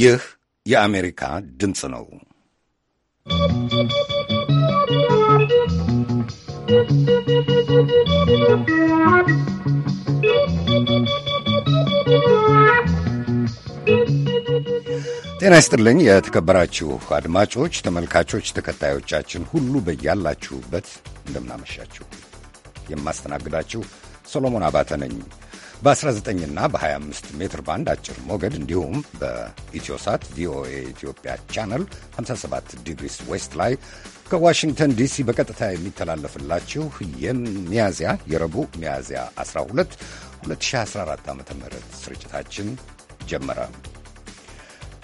ይህ የአሜሪካ ድምፅ ነው። ጤና ይስጥልኝ የተከበራችሁ አድማጮች፣ ተመልካቾች፣ ተከታዮቻችን ሁሉ በያላችሁበት እንደምናመሻችሁ። የማስተናግዳችሁ ሰሎሞን አባተ ነኝ። በ19ና በ25 ሜትር ባንድ አጭር ሞገድ እንዲሁም በኢትዮሳት ቪኦኤ ኢትዮጵያ ቻነል 57 ዲግሪስ ዌስት ላይ ከዋሽንግተን ዲሲ በቀጥታ የሚተላለፍላችሁ የሚያዝያ የረቡዕ ሚያዝያ 12 2014 ዓ ም ስርጭታችን ጀመረ።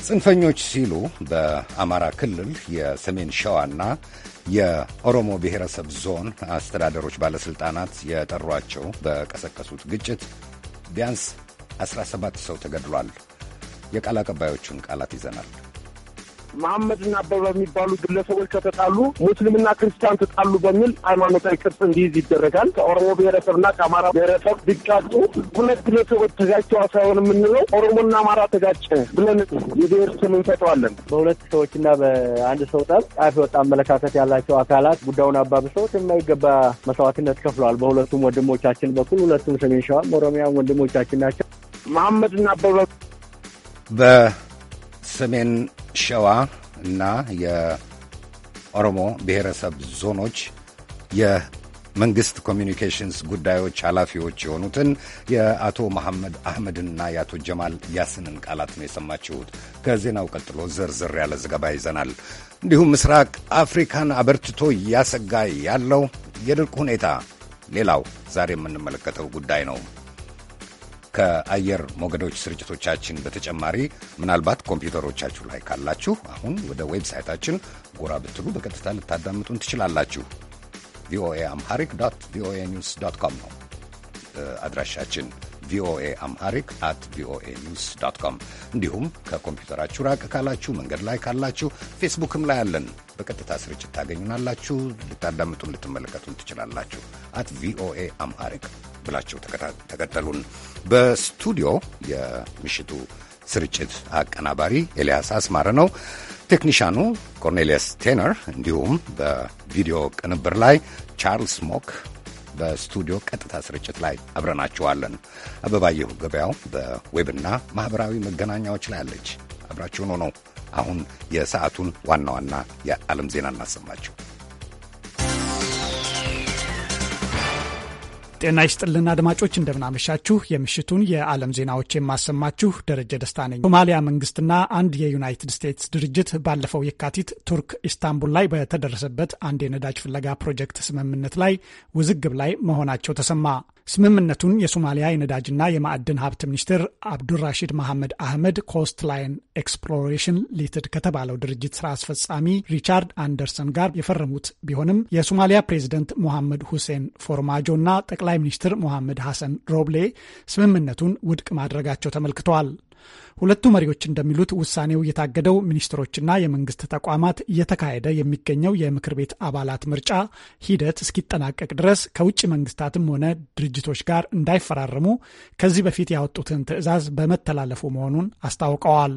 ጽንፈኞች ሲሉ በአማራ ክልል የሰሜን ሸዋና የኦሮሞ ብሔረሰብ ዞን አስተዳደሮች ባለሥልጣናት የጠሯቸው በቀሰቀሱት ግጭት ቢያንስ 17 ሰው ተገድሏል። የቃል አቀባዮቹን ቃላት ይዘናል። መሐመድና አበበ የሚባሉ ግለሰቦች ከተጣሉ ሙስሊምና ክርስቲያን ተጣሉ በሚል ሃይማኖታዊ ቅርጽ እንዲይዝ ይደረጋል። ከኦሮሞ ብሔረሰብና ከአማራ ብሔረሰብ ቢጋጩ ሁለት ግለሰቦች ተጋጭተዋል ሳይሆን የምንለው ኦሮሞና አማራ ተጋጨ ብለን የብሔር ስም እንሰጠዋለን። በሁለት ሰዎችና በአንድ ሰው ጠብ ጣፍ የወጣ አመለካከት ያላቸው አካላት ጉዳዩን አባብሰውት የማይገባ መስዋዕትነት ከፍለዋል። በሁለቱም ወንድሞቻችን በኩል ሁለቱም ሰሜን ሸዋም ኦሮሚያም ወንድሞቻችን ናቸው። መሐመድና አበበ በሰሜን ሸዋ እና የኦሮሞ ብሔረሰብ ዞኖች የመንግስት ኮሚኒኬሽንስ ጉዳዮች ኃላፊዎች የሆኑትን የአቶ መሐመድ አህመድና የአቶ ጀማል ያስንን ቃላት ነው የሰማችሁት። ከዜናው ቀጥሎ ዝርዝር ያለ ዘገባ ይዘናል። እንዲሁም ምስራቅ አፍሪካን አበርትቶ እያሰጋ ያለው የድርቅ ሁኔታ ሌላው ዛሬ የምንመለከተው ጉዳይ ነው። ከአየር ሞገዶች ስርጭቶቻችን በተጨማሪ ምናልባት ኮምፒውተሮቻችሁ ላይ ካላችሁ አሁን ወደ ዌብሳይታችን ጎራ ብትሉ በቀጥታ ልታዳምጡን ትችላላችሁ። ቪኦኤ አምሃሪክ ዶት ቪኦኤ ኒውስ ዶት ኮም ነው አድራሻችን። ቪኦኤ አምሃሪክ አት ቪኦኤ ኒውስ ዶት ኮም። እንዲሁም ከኮምፒውተራችሁ ራቅ ካላችሁ፣ መንገድ ላይ ካላችሁ ፌስቡክም ላይ አለን። በቀጥታ ስርጭት ታገኙናላችሁ። ልታዳምጡን፣ ልትመለከቱን ትችላላችሁ። አት ቪኦኤ አምሃሪክ ብላችሁ ተከተሉን። በስቱዲዮ የምሽቱ ስርጭት አቀናባሪ ኤልያስ አስማረ ነው። ቴክኒሻኑ ኮርኔሊየስ ቴነር፣ እንዲሁም በቪዲዮ ቅንብር ላይ ቻርልስ ሞክ፣ በስቱዲዮ ቀጥታ ስርጭት ላይ አብረናችኋለን። አበባየሁ ገበያው በዌብና ማኅበራዊ መገናኛዎች ላይ አለች። አብራችሁን ሆነው አሁን የሰዓቱን ዋና ዋና የዓለም ዜና እናሰማችሁ። ጤና ይስጥልን አድማጮች፣ እንደምናመሻችሁ። የምሽቱን የዓለም ዜናዎች የማሰማችሁ ደረጀ ደስታ ነኝ። ሶማሊያ መንግስትና አንድ የዩናይትድ ስቴትስ ድርጅት ባለፈው የካቲት ቱርክ ኢስታንቡል ላይ በተደረሰበት አንድ የነዳጅ ፍለጋ ፕሮጀክት ስምምነት ላይ ውዝግብ ላይ መሆናቸው ተሰማ። ስምምነቱን የሶማሊያ የነዳጅና የማዕድን ሀብት ሚኒስትር አብዱራሺድ መሐመድ አህመድ ኮስት ላይን ኤክስፕሎሬሽን ሊትድ ከተባለው ድርጅት ስራ አስፈጻሚ ሪቻርድ አንደርሰን ጋር የፈረሙት ቢሆንም የሶማሊያ ፕሬዚደንት ሞሐመድ ሁሴን ፎርማጆ እና ጠቅላይ ሚኒስትር ሞሐመድ ሐሰን ሮብሌ ስምምነቱን ውድቅ ማድረጋቸው ተመልክተዋል። ሁለቱ መሪዎች እንደሚሉት ውሳኔው የታገደው ሚኒስትሮችና የመንግስት ተቋማት እየተካሄደ የሚገኘው የምክር ቤት አባላት ምርጫ ሂደት እስኪጠናቀቅ ድረስ ከውጭ መንግስታትም ሆነ ድርጅቶች ጋር እንዳይፈራረሙ ከዚህ በፊት ያወጡትን ትዕዛዝ በመተላለፉ መሆኑን አስታውቀዋል።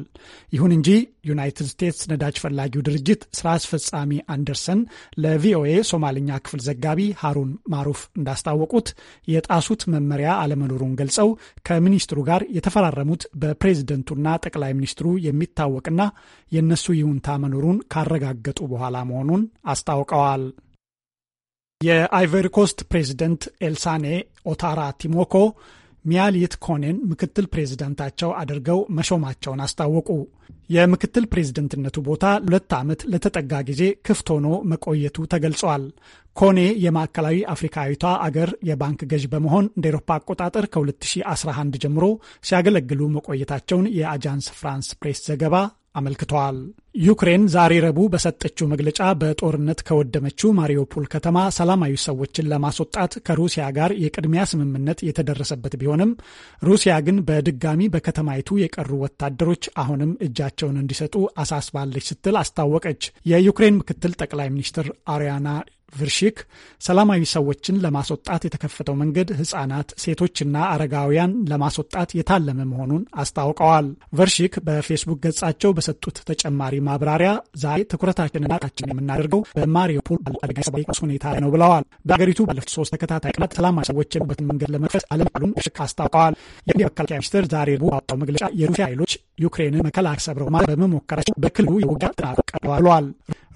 ይሁን እንጂ ዩናይትድ ስቴትስ ነዳጅ ፈላጊው ድርጅት ስራ አስፈጻሚ አንደርሰን ለቪኦኤ ሶማልኛ ክፍል ዘጋቢ ሃሩን ማሩፍ እንዳስታወቁት የጣሱት መመሪያ አለመኖሩን ገልጸው ከሚኒስትሩ ጋር የተፈራረሙት በፕሬዝደንት ፕሬዝደንቱና ጠቅላይ ሚኒስትሩ የሚታወቅና የእነሱ ይሁንታ መኖሩን ካረጋገጡ በኋላ መሆኑን አስታውቀዋል። የአይቨሪኮስት ፕሬዝደንት ኤልሳኔ ኦታራ ቲሞኮ ሚያሊት ኮኔን ምክትል ፕሬዝደንታቸው አድርገው መሾማቸውን አስታወቁ። የምክትል ፕሬዝደንትነቱ ቦታ ሁለት ዓመት ለተጠጋ ጊዜ ክፍት ሆኖ መቆየቱ ተገልጿል። ኮኔ የማዕከላዊ አፍሪካዊቷ አገር የባንክ ገዥ በመሆን እንደ ኤሮፓ አቆጣጠር ከ2011 ጀምሮ ሲያገለግሉ መቆየታቸውን የአጃንስ ፍራንስ ፕሬስ ዘገባ አመልክተዋል። ዩክሬን ዛሬ ረቡዕ በሰጠችው መግለጫ በጦርነት ከወደመችው ማሪዮፖል ከተማ ሰላማዊ ሰዎችን ለማስወጣት ከሩሲያ ጋር የቅድሚያ ስምምነት የተደረሰበት ቢሆንም ሩሲያ ግን በድጋሚ በከተማይቱ የቀሩ ወታደሮች አሁንም እጃቸውን እንዲሰጡ አሳስባለች ስትል አስታወቀች። የዩክሬን ምክትል ጠቅላይ ሚኒስትር አሪያና ቭርሺክ ሰላማዊ ሰዎችን ለማስወጣት የተከፈተው መንገድ ህጻናት፣ ሴቶችና አረጋውያን ለማስወጣት የታለመ መሆኑን አስታውቀዋል። ቨርሺክ በፌስቡክ ገጻቸው በሰጡት ተጨማሪ ማብራሪያ ዛሬ ትኩረታችንና ቃችን የምናደርገው በማሪፖል አደጋ ሁኔታ ነው ብለዋል። በአገሪቱ ባለፉት ሶስት ተከታታይ ቀናት ሰላማዊ ሰዎች የሉበትን መንገድ ለመክፈት አለመቻሉን ቨርሺክ አስታውቀዋል። የኢንዲያ መከላከያ ሚኒስትር ዛሬ ረቡዕ ባወጣው መግለጫ የሩሲያ ኃይሎች ዩክሬንን መከላከያ ሰብረው ማለት በመሞከራቸው በክልሉ የውጊያ ጥናት ቀጥለዋል ብለዋል።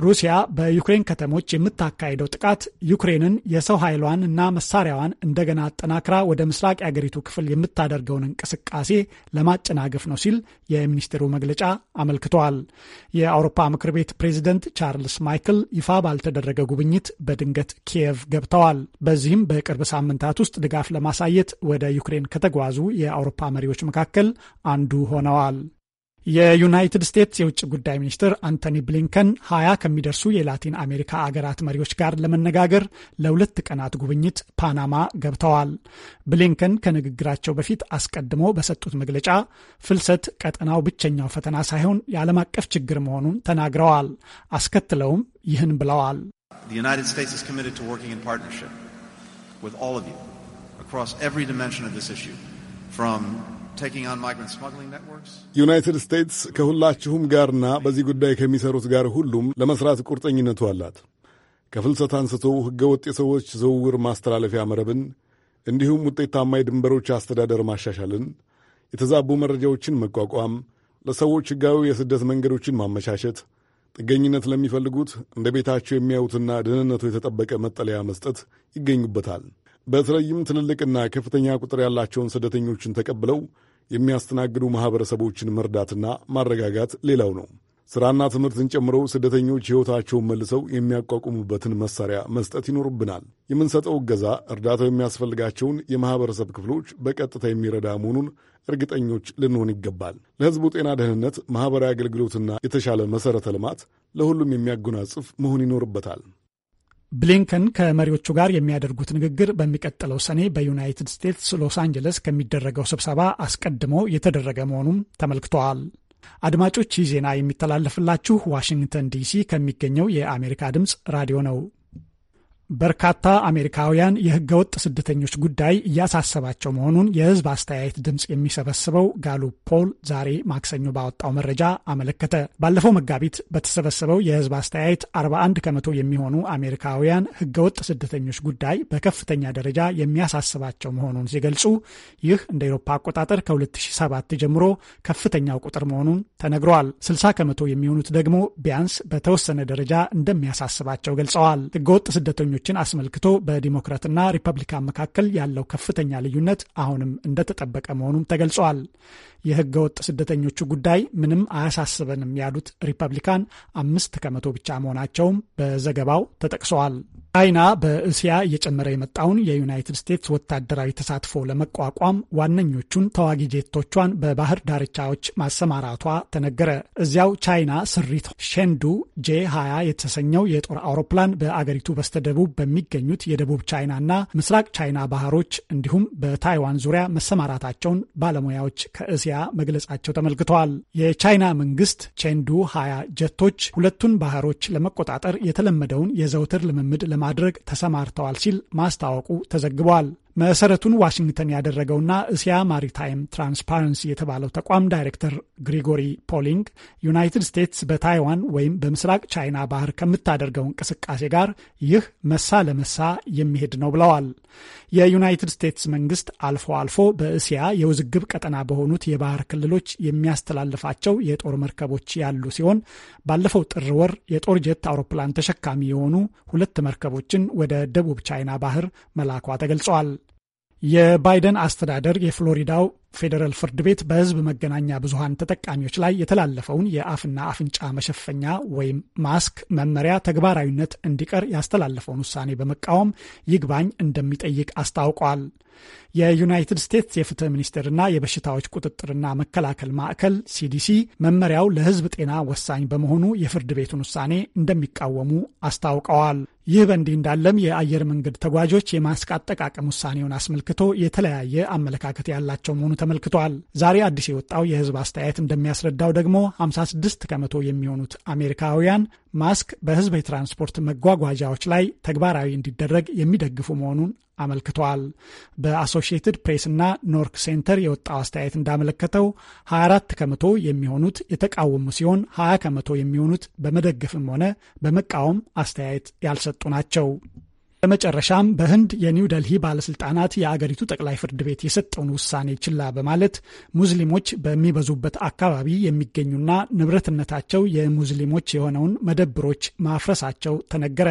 ሩሲያ በዩክሬን ከተሞች የምታካሄደው ጥቃት ዩክሬንን የሰው ኃይሏን እና መሳሪያዋን እንደገና አጠናክራ ወደ ምስራቅ የአገሪቱ ክፍል የምታደርገውን እንቅስቃሴ ለማጨናገፍ ነው ሲል የሚኒስቴሩ መግለጫ አመልክተዋል። የአውሮፓ ምክር ቤት ፕሬዚደንት ቻርልስ ማይክል ይፋ ባልተደረገ ጉብኝት በድንገት ኪየቭ ገብተዋል። በዚህም በቅርብ ሳምንታት ውስጥ ድጋፍ ለማሳየት ወደ ዩክሬን ከተጓዙ የአውሮፓ መሪዎች መካከል አንዱ ሆነዋል። የዩናይትድ ስቴትስ የውጭ ጉዳይ ሚኒስትር አንቶኒ ብሊንከን ሀያ ከሚደርሱ የላቲን አሜሪካ አገራት መሪዎች ጋር ለመነጋገር ለሁለት ቀናት ጉብኝት ፓናማ ገብተዋል። ብሊንከን ከንግግራቸው በፊት አስቀድሞ በሰጡት መግለጫ ፍልሰት ቀጠናው ብቸኛው ፈተና ሳይሆን የዓለም አቀፍ ችግር መሆኑን ተናግረዋል። አስከትለውም ይህን ብለዋል። ዩናይትድ ዩናይትድ ስቴትስ ከሁላችሁም ጋርና በዚህ ጉዳይ ከሚሰሩት ጋር ሁሉም ለመስራት ቁርጠኝነቱ አላት። ከፍልሰት አንስቶ ሕገወጥ የሰዎች ዝውውር ማስተላለፊያ መረብን እንዲሁም ውጤታማ የድንበሮች አስተዳደር ማሻሻልን፣ የተዛቡ መረጃዎችን መቋቋም፣ ለሰዎች ሕጋዊ የስደት መንገዶችን ማመቻቸት፣ ጥገኝነት ለሚፈልጉት እንደ ቤታቸው የሚያዩትና ደህንነቱ የተጠበቀ መጠለያ መስጠት ይገኙበታል። በተለይም ትልልቅና ከፍተኛ ቁጥር ያላቸውን ስደተኞችን ተቀብለው የሚያስተናግዱ ማኅበረሰቦችን መርዳትና ማረጋጋት ሌላው ነው። ሥራና ትምህርትን ጨምሮ ስደተኞች ሕይወታቸውን መልሰው የሚያቋቁሙበትን መሣሪያ መስጠት ይኖርብናል። የምንሰጠው እገዛ እርዳታው የሚያስፈልጋቸውን የማኅበረሰብ ክፍሎች በቀጥታ የሚረዳ መሆኑን እርግጠኞች ልንሆን ይገባል። ለሕዝቡ ጤና፣ ደህንነት፣ ማኅበራዊ አገልግሎትና የተሻለ መሠረተ ልማት ለሁሉም የሚያጎናጽፍ መሆን ይኖርበታል። ብሊንከን ከመሪዎቹ ጋር የሚያደርጉት ንግግር በሚቀጥለው ሰኔ በዩናይትድ ስቴትስ ሎስ አንጀለስ ከሚደረገው ስብሰባ አስቀድሞ የተደረገ መሆኑም ተመልክተዋል። አድማጮች ይህ ዜና የሚተላለፍላችሁ ዋሽንግተን ዲሲ ከሚገኘው የአሜሪካ ድምፅ ራዲዮ ነው። በርካታ አሜሪካውያን ወጥ ስደተኞች ጉዳይ እያሳሰባቸው መሆኑን የህዝብ አስተያየት ድምፅ የሚሰበስበው ጋሉ ፖል ዛሬ ማክሰኞ ባወጣው መረጃ አመለከተ። ባለፈው መጋቢት በተሰበሰበው የህዝብ አስተያየት 41 ከመቶ የሚሆኑ አሜሪካውያን ወጥ ስደተኞች ጉዳይ በከፍተኛ ደረጃ የሚያሳስባቸው መሆኑን ሲገልጹ ይህ እንደ ኤሮፓ አቆጣጠር ከ2007 ጀምሮ ከፍተኛው ቁጥር መሆኑን ተነግረዋል። 60 ከመቶ የሚሆኑት ደግሞ ቢያንስ በተወሰነ ደረጃ እንደሚያሳስባቸው ገልጸዋል። ህገወጥ ስደተኞች ውሳኔዎችን አስመልክቶ በዲሞክራትና ሪፐብሊካን መካከል ያለው ከፍተኛ ልዩነት አሁንም እንደተጠበቀ መሆኑም ተገልጿል። የህገወጥ ስደተኞቹ ጉዳይ ምንም አያሳስበንም ያሉት ሪፐብሊካን አምስት ከመቶ ብቻ መሆናቸውም በዘገባው ተጠቅሰዋል። ቻይና በእስያ እየጨመረ የመጣውን የዩናይትድ ስቴትስ ወታደራዊ ተሳትፎ ለመቋቋም ዋነኞቹን ተዋጊ ጄቶቿን በባህር ዳርቻዎች ማሰማራቷ ተነገረ። እዚያው ቻይና ስሪት ሸንዱ ጄ 20 የተሰኘው የጦር አውሮፕላን በአገሪቱ በስተደቡብ በሚገኙት የደቡብ ቻይናና ምስራቅ ቻይና ባህሮች እንዲሁም በታይዋን ዙሪያ መሰማራታቸውን ባለሙያዎች ከእስያ መግለጻቸው ተመልክተዋል። የቻይና መንግስት ቼንዱ 20 ጀቶች ሁለቱን ባህሮች ለመቆጣጠር የተለመደውን የዘውትር ልምምድ ለማድረግ ተሰማርተዋል ሲል ማስታወቁ ተዘግቧል። መሰረቱን ዋሽንግተን ያደረገውና እስያ ማሪታይም ትራንስፓረንሲ የተባለው ተቋም ዳይሬክተር ግሪጎሪ ፖሊንግ ዩናይትድ ስቴትስ በታይዋን ወይም በምስራቅ ቻይና ባህር ከምታደርገው እንቅስቃሴ ጋር ይህ መሳ ለመሳ የሚሄድ ነው ብለዋል። የዩናይትድ ስቴትስ መንግስት አልፎ አልፎ በእስያ የውዝግብ ቀጠና በሆኑት የባህር ክልሎች የሚያስተላልፋቸው የጦር መርከቦች ያሉ ሲሆን ባለፈው ጥር ወር የጦር ጀት አውሮፕላን ተሸካሚ የሆኑ ሁለት መርከቦችን ወደ ደቡብ ቻይና ባህር መላኳ ተገልጸዋል። የባይደን አስተዳደር የፍሎሪዳው ፌዴራል ፍርድ ቤት በህዝብ መገናኛ ብዙሀን ተጠቃሚዎች ላይ የተላለፈውን የአፍና አፍንጫ መሸፈኛ ወይም ማስክ መመሪያ ተግባራዊነት እንዲቀር ያስተላለፈውን ውሳኔ በመቃወም ይግባኝ እንደሚጠይቅ አስታውቋል። የዩናይትድ ስቴትስ የፍትህ ሚኒስቴርና የበሽታዎች ቁጥጥርና መከላከል ማዕከል ሲዲሲ መመሪያው ለህዝብ ጤና ወሳኝ በመሆኑ የፍርድ ቤቱን ውሳኔ እንደሚቃወሙ አስታውቀዋል። ይህ በእንዲህ እንዳለም የአየር መንገድ ተጓዦች የማስክ አጠቃቀም ውሳኔውን አስመልክቶ የተለያየ አመለካከት ያላቸው መሆኑ ተመልክቷል። ዛሬ አዲስ የወጣው የህዝብ አስተያየት እንደሚያስረዳው ደግሞ 56 ከመቶ የሚሆኑት አሜሪካውያን ማስክ በህዝብ የትራንስፖርት መጓጓዣዎች ላይ ተግባራዊ እንዲደረግ የሚደግፉ መሆኑን አመልክተዋል። በአሶሺየትድ ና ኖርክ ሴንተር የወጣው አስተያየት እንዳመለከተው 24 ከመቶ የሚሆኑት የተቃወሙ ሲሆን 20 ከመቶ የሚሆኑት በመደገፍም ሆነ በመቃወም አስተያየት ያልሰጡ ናቸው። በመጨረሻም በህንድ የኒው ደልሂ ባለስልጣናት የአገሪቱ ጠቅላይ ፍርድ ቤት የሰጠውን ውሳኔ ችላ በማለት ሙስሊሞች በሚበዙበት አካባቢ የሚገኙና ንብረትነታቸው የሙስሊሞች የሆነውን መደብሮች ማፍረሳቸው ተነገረ።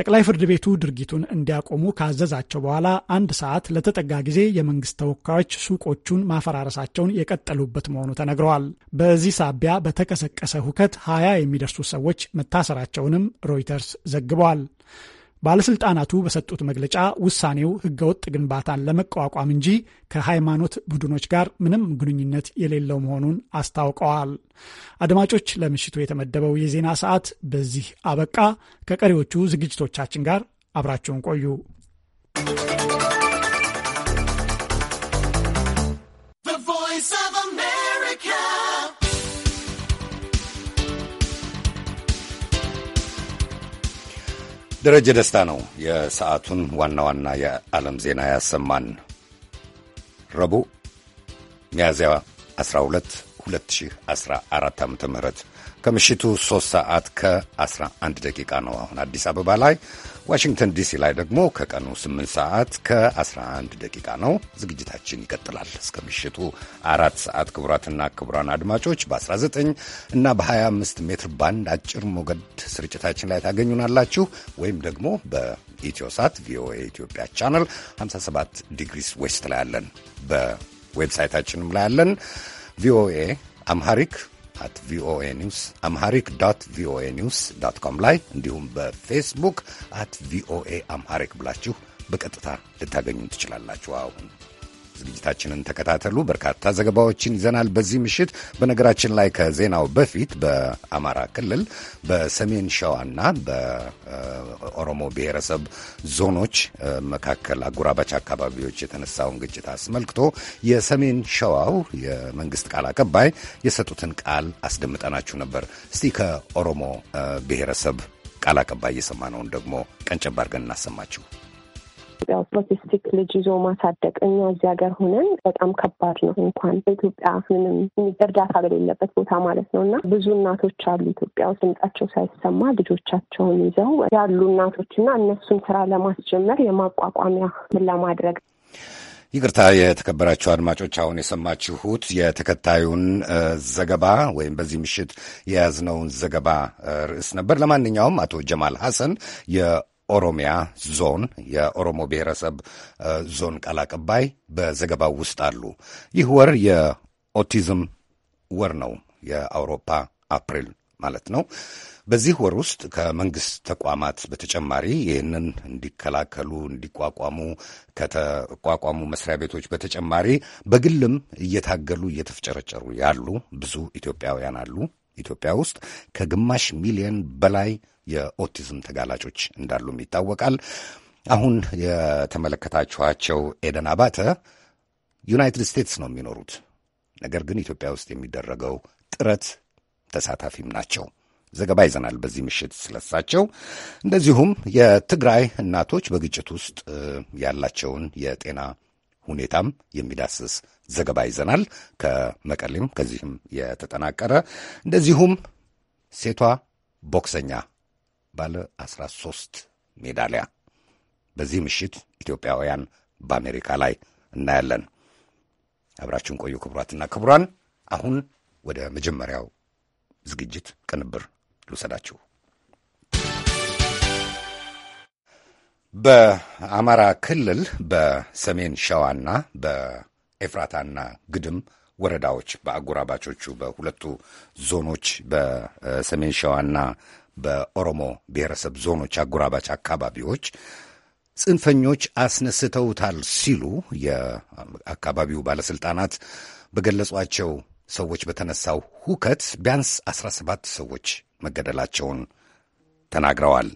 ጠቅላይ ፍርድ ቤቱ ድርጊቱን እንዲያቆሙ ካዘዛቸው በኋላ አንድ ሰዓት ለተጠጋ ጊዜ የመንግስት ተወካዮች ሱቆቹን ማፈራረሳቸውን የቀጠሉበት መሆኑ ተነግረዋል። በዚህ ሳቢያ በተቀሰቀሰ ሁከት ሀያ የሚደርሱ ሰዎች መታሰራቸውንም ሮይተርስ ዘግበዋል። ባለሥልጣናቱ በሰጡት መግለጫ ውሳኔው ሕገወጥ ግንባታን ለመቋቋም እንጂ ከሃይማኖት ቡድኖች ጋር ምንም ግንኙነት የሌለው መሆኑን አስታውቀዋል። አድማጮች፣ ለምሽቱ የተመደበው የዜና ሰዓት በዚህ አበቃ። ከቀሪዎቹ ዝግጅቶቻችን ጋር አብራችሁን ቆዩ። ደረጀ ደስታ ነው የሰዓቱን ዋና ዋና የዓለም ዜና ያሰማን። ረቡዕ ሚያዝያ 12 2014 ዓ ም ከምሽቱ 3 ሰዓት ከ11 ደቂቃ ነው አሁን አዲስ አበባ ላይ። ዋሽንግተን ዲሲ ላይ ደግሞ ከቀኑ 8 ሰዓት ከ11 ደቂቃ ነው። ዝግጅታችን ይቀጥላል እስከ ምሽቱ አራት ሰዓት። ክቡራትና ክቡራን አድማጮች በ19 እና በ25 ሜትር ባንድ አጭር ሞገድ ስርጭታችን ላይ ታገኙናላችሁ ወይም ደግሞ በኢትዮሳት ቪኦኤ ኢትዮጵያ ቻናል 57 ዲግሪስ ዌስት ላይ ያለን በዌብሳይታችንም ላይ ያለን ቪኦኤ አምሃሪክ አት ቪኦኤ ኒውስ አምሃሪክ ዶት ቪኦኤ ኒውስ ዶት ኮም ላይ እንዲሁም በፌስቡክ አት ቪኦኤ አምሃሪክ ብላችሁ በቀጥታ ልታገኙ ትችላላችሁ አሁን ዝግጅታችንን ተከታተሉ። በርካታ ዘገባዎችን ይዘናል በዚህ ምሽት። በነገራችን ላይ ከዜናው በፊት በአማራ ክልል በሰሜን ሸዋና በኦሮሞ ብሔረሰብ ዞኖች መካከል አጎራባች አካባቢዎች የተነሳውን ግጭት አስመልክቶ የሰሜን ሸዋው የመንግስት ቃል አቀባይ የሰጡትን ቃል አስደምጠናችሁ ነበር። እስቲ ከኦሮሞ ብሔረሰብ ቃል አቀባይ የሰማነውን ደግሞ ቀንጨብ አድርገን እናሰማችሁ። ኢትዮጵያ ውስጥ ልጅ ይዞ ማሳደግ እኛ እዚህ ሀገር ሆነን በጣም ከባድ ነው። እንኳን በኢትዮጵያ ምንም እርዳታ በሌለበት ቦታ ማለት ነው። እና ብዙ እናቶች አሉ ኢትዮጵያ ውስጥ ድምጻቸው ሳይሰማ ልጆቻቸውን ይዘው ያሉ እናቶች እና እነሱን ስራ ለማስጀመር የማቋቋሚያ ምን ለማድረግ ይቅርታ የተከበራችሁ አድማጮች፣ አሁን የሰማችሁት የተከታዩን ዘገባ ወይም በዚህ ምሽት የያዝነውን ዘገባ ርዕስ ነበር። ለማንኛውም አቶ ጀማል ሐሰን ኦሮሚያ ዞን የኦሮሞ ብሔረሰብ ዞን ቃል አቀባይ በዘገባው ውስጥ አሉ። ይህ ወር የኦቲዝም ወር ነው። የአውሮፓ አፕሪል ማለት ነው። በዚህ ወር ውስጥ ከመንግስት ተቋማት በተጨማሪ ይህንን እንዲከላከሉ እንዲቋቋሙ ከተቋቋሙ መስሪያ ቤቶች በተጨማሪ በግልም እየታገሉ እየተፍጨረጨሩ ያሉ ብዙ ኢትዮጵያውያን አሉ። ኢትዮጵያ ውስጥ ከግማሽ ሚሊዮን በላይ የኦቲዝም ተጋላጮች እንዳሉም ይታወቃል። አሁን የተመለከታችኋቸው ኤደን አባተ ዩናይትድ ስቴትስ ነው የሚኖሩት። ነገር ግን ኢትዮጵያ ውስጥ የሚደረገው ጥረት ተሳታፊም ናቸው። ዘገባ ይዘናል በዚህ ምሽት ስለሳቸው። እንደዚሁም የትግራይ እናቶች በግጭት ውስጥ ያላቸውን የጤና ሁኔታም የሚዳስስ ዘገባ ይዘናል ከመቀሌም ከዚህም የተጠናቀረ እንደዚሁም ሴቷ ቦክሰኛ ባለ 13 ሜዳሊያ በዚህ ምሽት ኢትዮጵያውያን በአሜሪካ ላይ እናያለን። አብራችን ቆዩ። ክቡራትና ክቡራን፣ አሁን ወደ መጀመሪያው ዝግጅት ቅንብር ልውሰዳችሁ። በአማራ ክልል በሰሜን ሸዋና በኤፍራታና ግድም ወረዳዎች በአጎራባቾቹ በሁለቱ ዞኖች በሰሜን ሸዋና በኦሮሞ ብሔረሰብ ዞኖች አጎራባች አካባቢዎች ጽንፈኞች አስነስተውታል ሲሉ የአካባቢው ባለሥልጣናት በገለጿቸው ሰዎች በተነሳው ሁከት ቢያንስ 17 ሰዎች መገደላቸውን ተናግረዋል።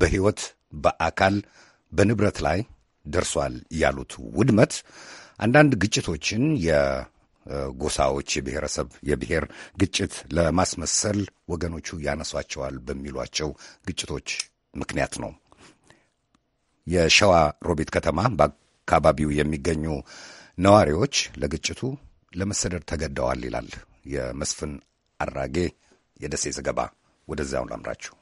በሕይወት በአካል በንብረት ላይ ደርሷል ያሉት ውድመት አንዳንድ ግጭቶችን ጎሳዎች የብሔረሰብ የብሔር ግጭት ለማስመሰል ወገኖቹ ያነሷቸዋል በሚሏቸው ግጭቶች ምክንያት ነው። የሸዋ ሮቢት ከተማ በአካባቢው የሚገኙ ነዋሪዎች ለግጭቱ ለመሰደድ ተገደዋል ይላል የመስፍን አራጌ የደሴ ዘገባ። ወደዚያው ላምራችሁ።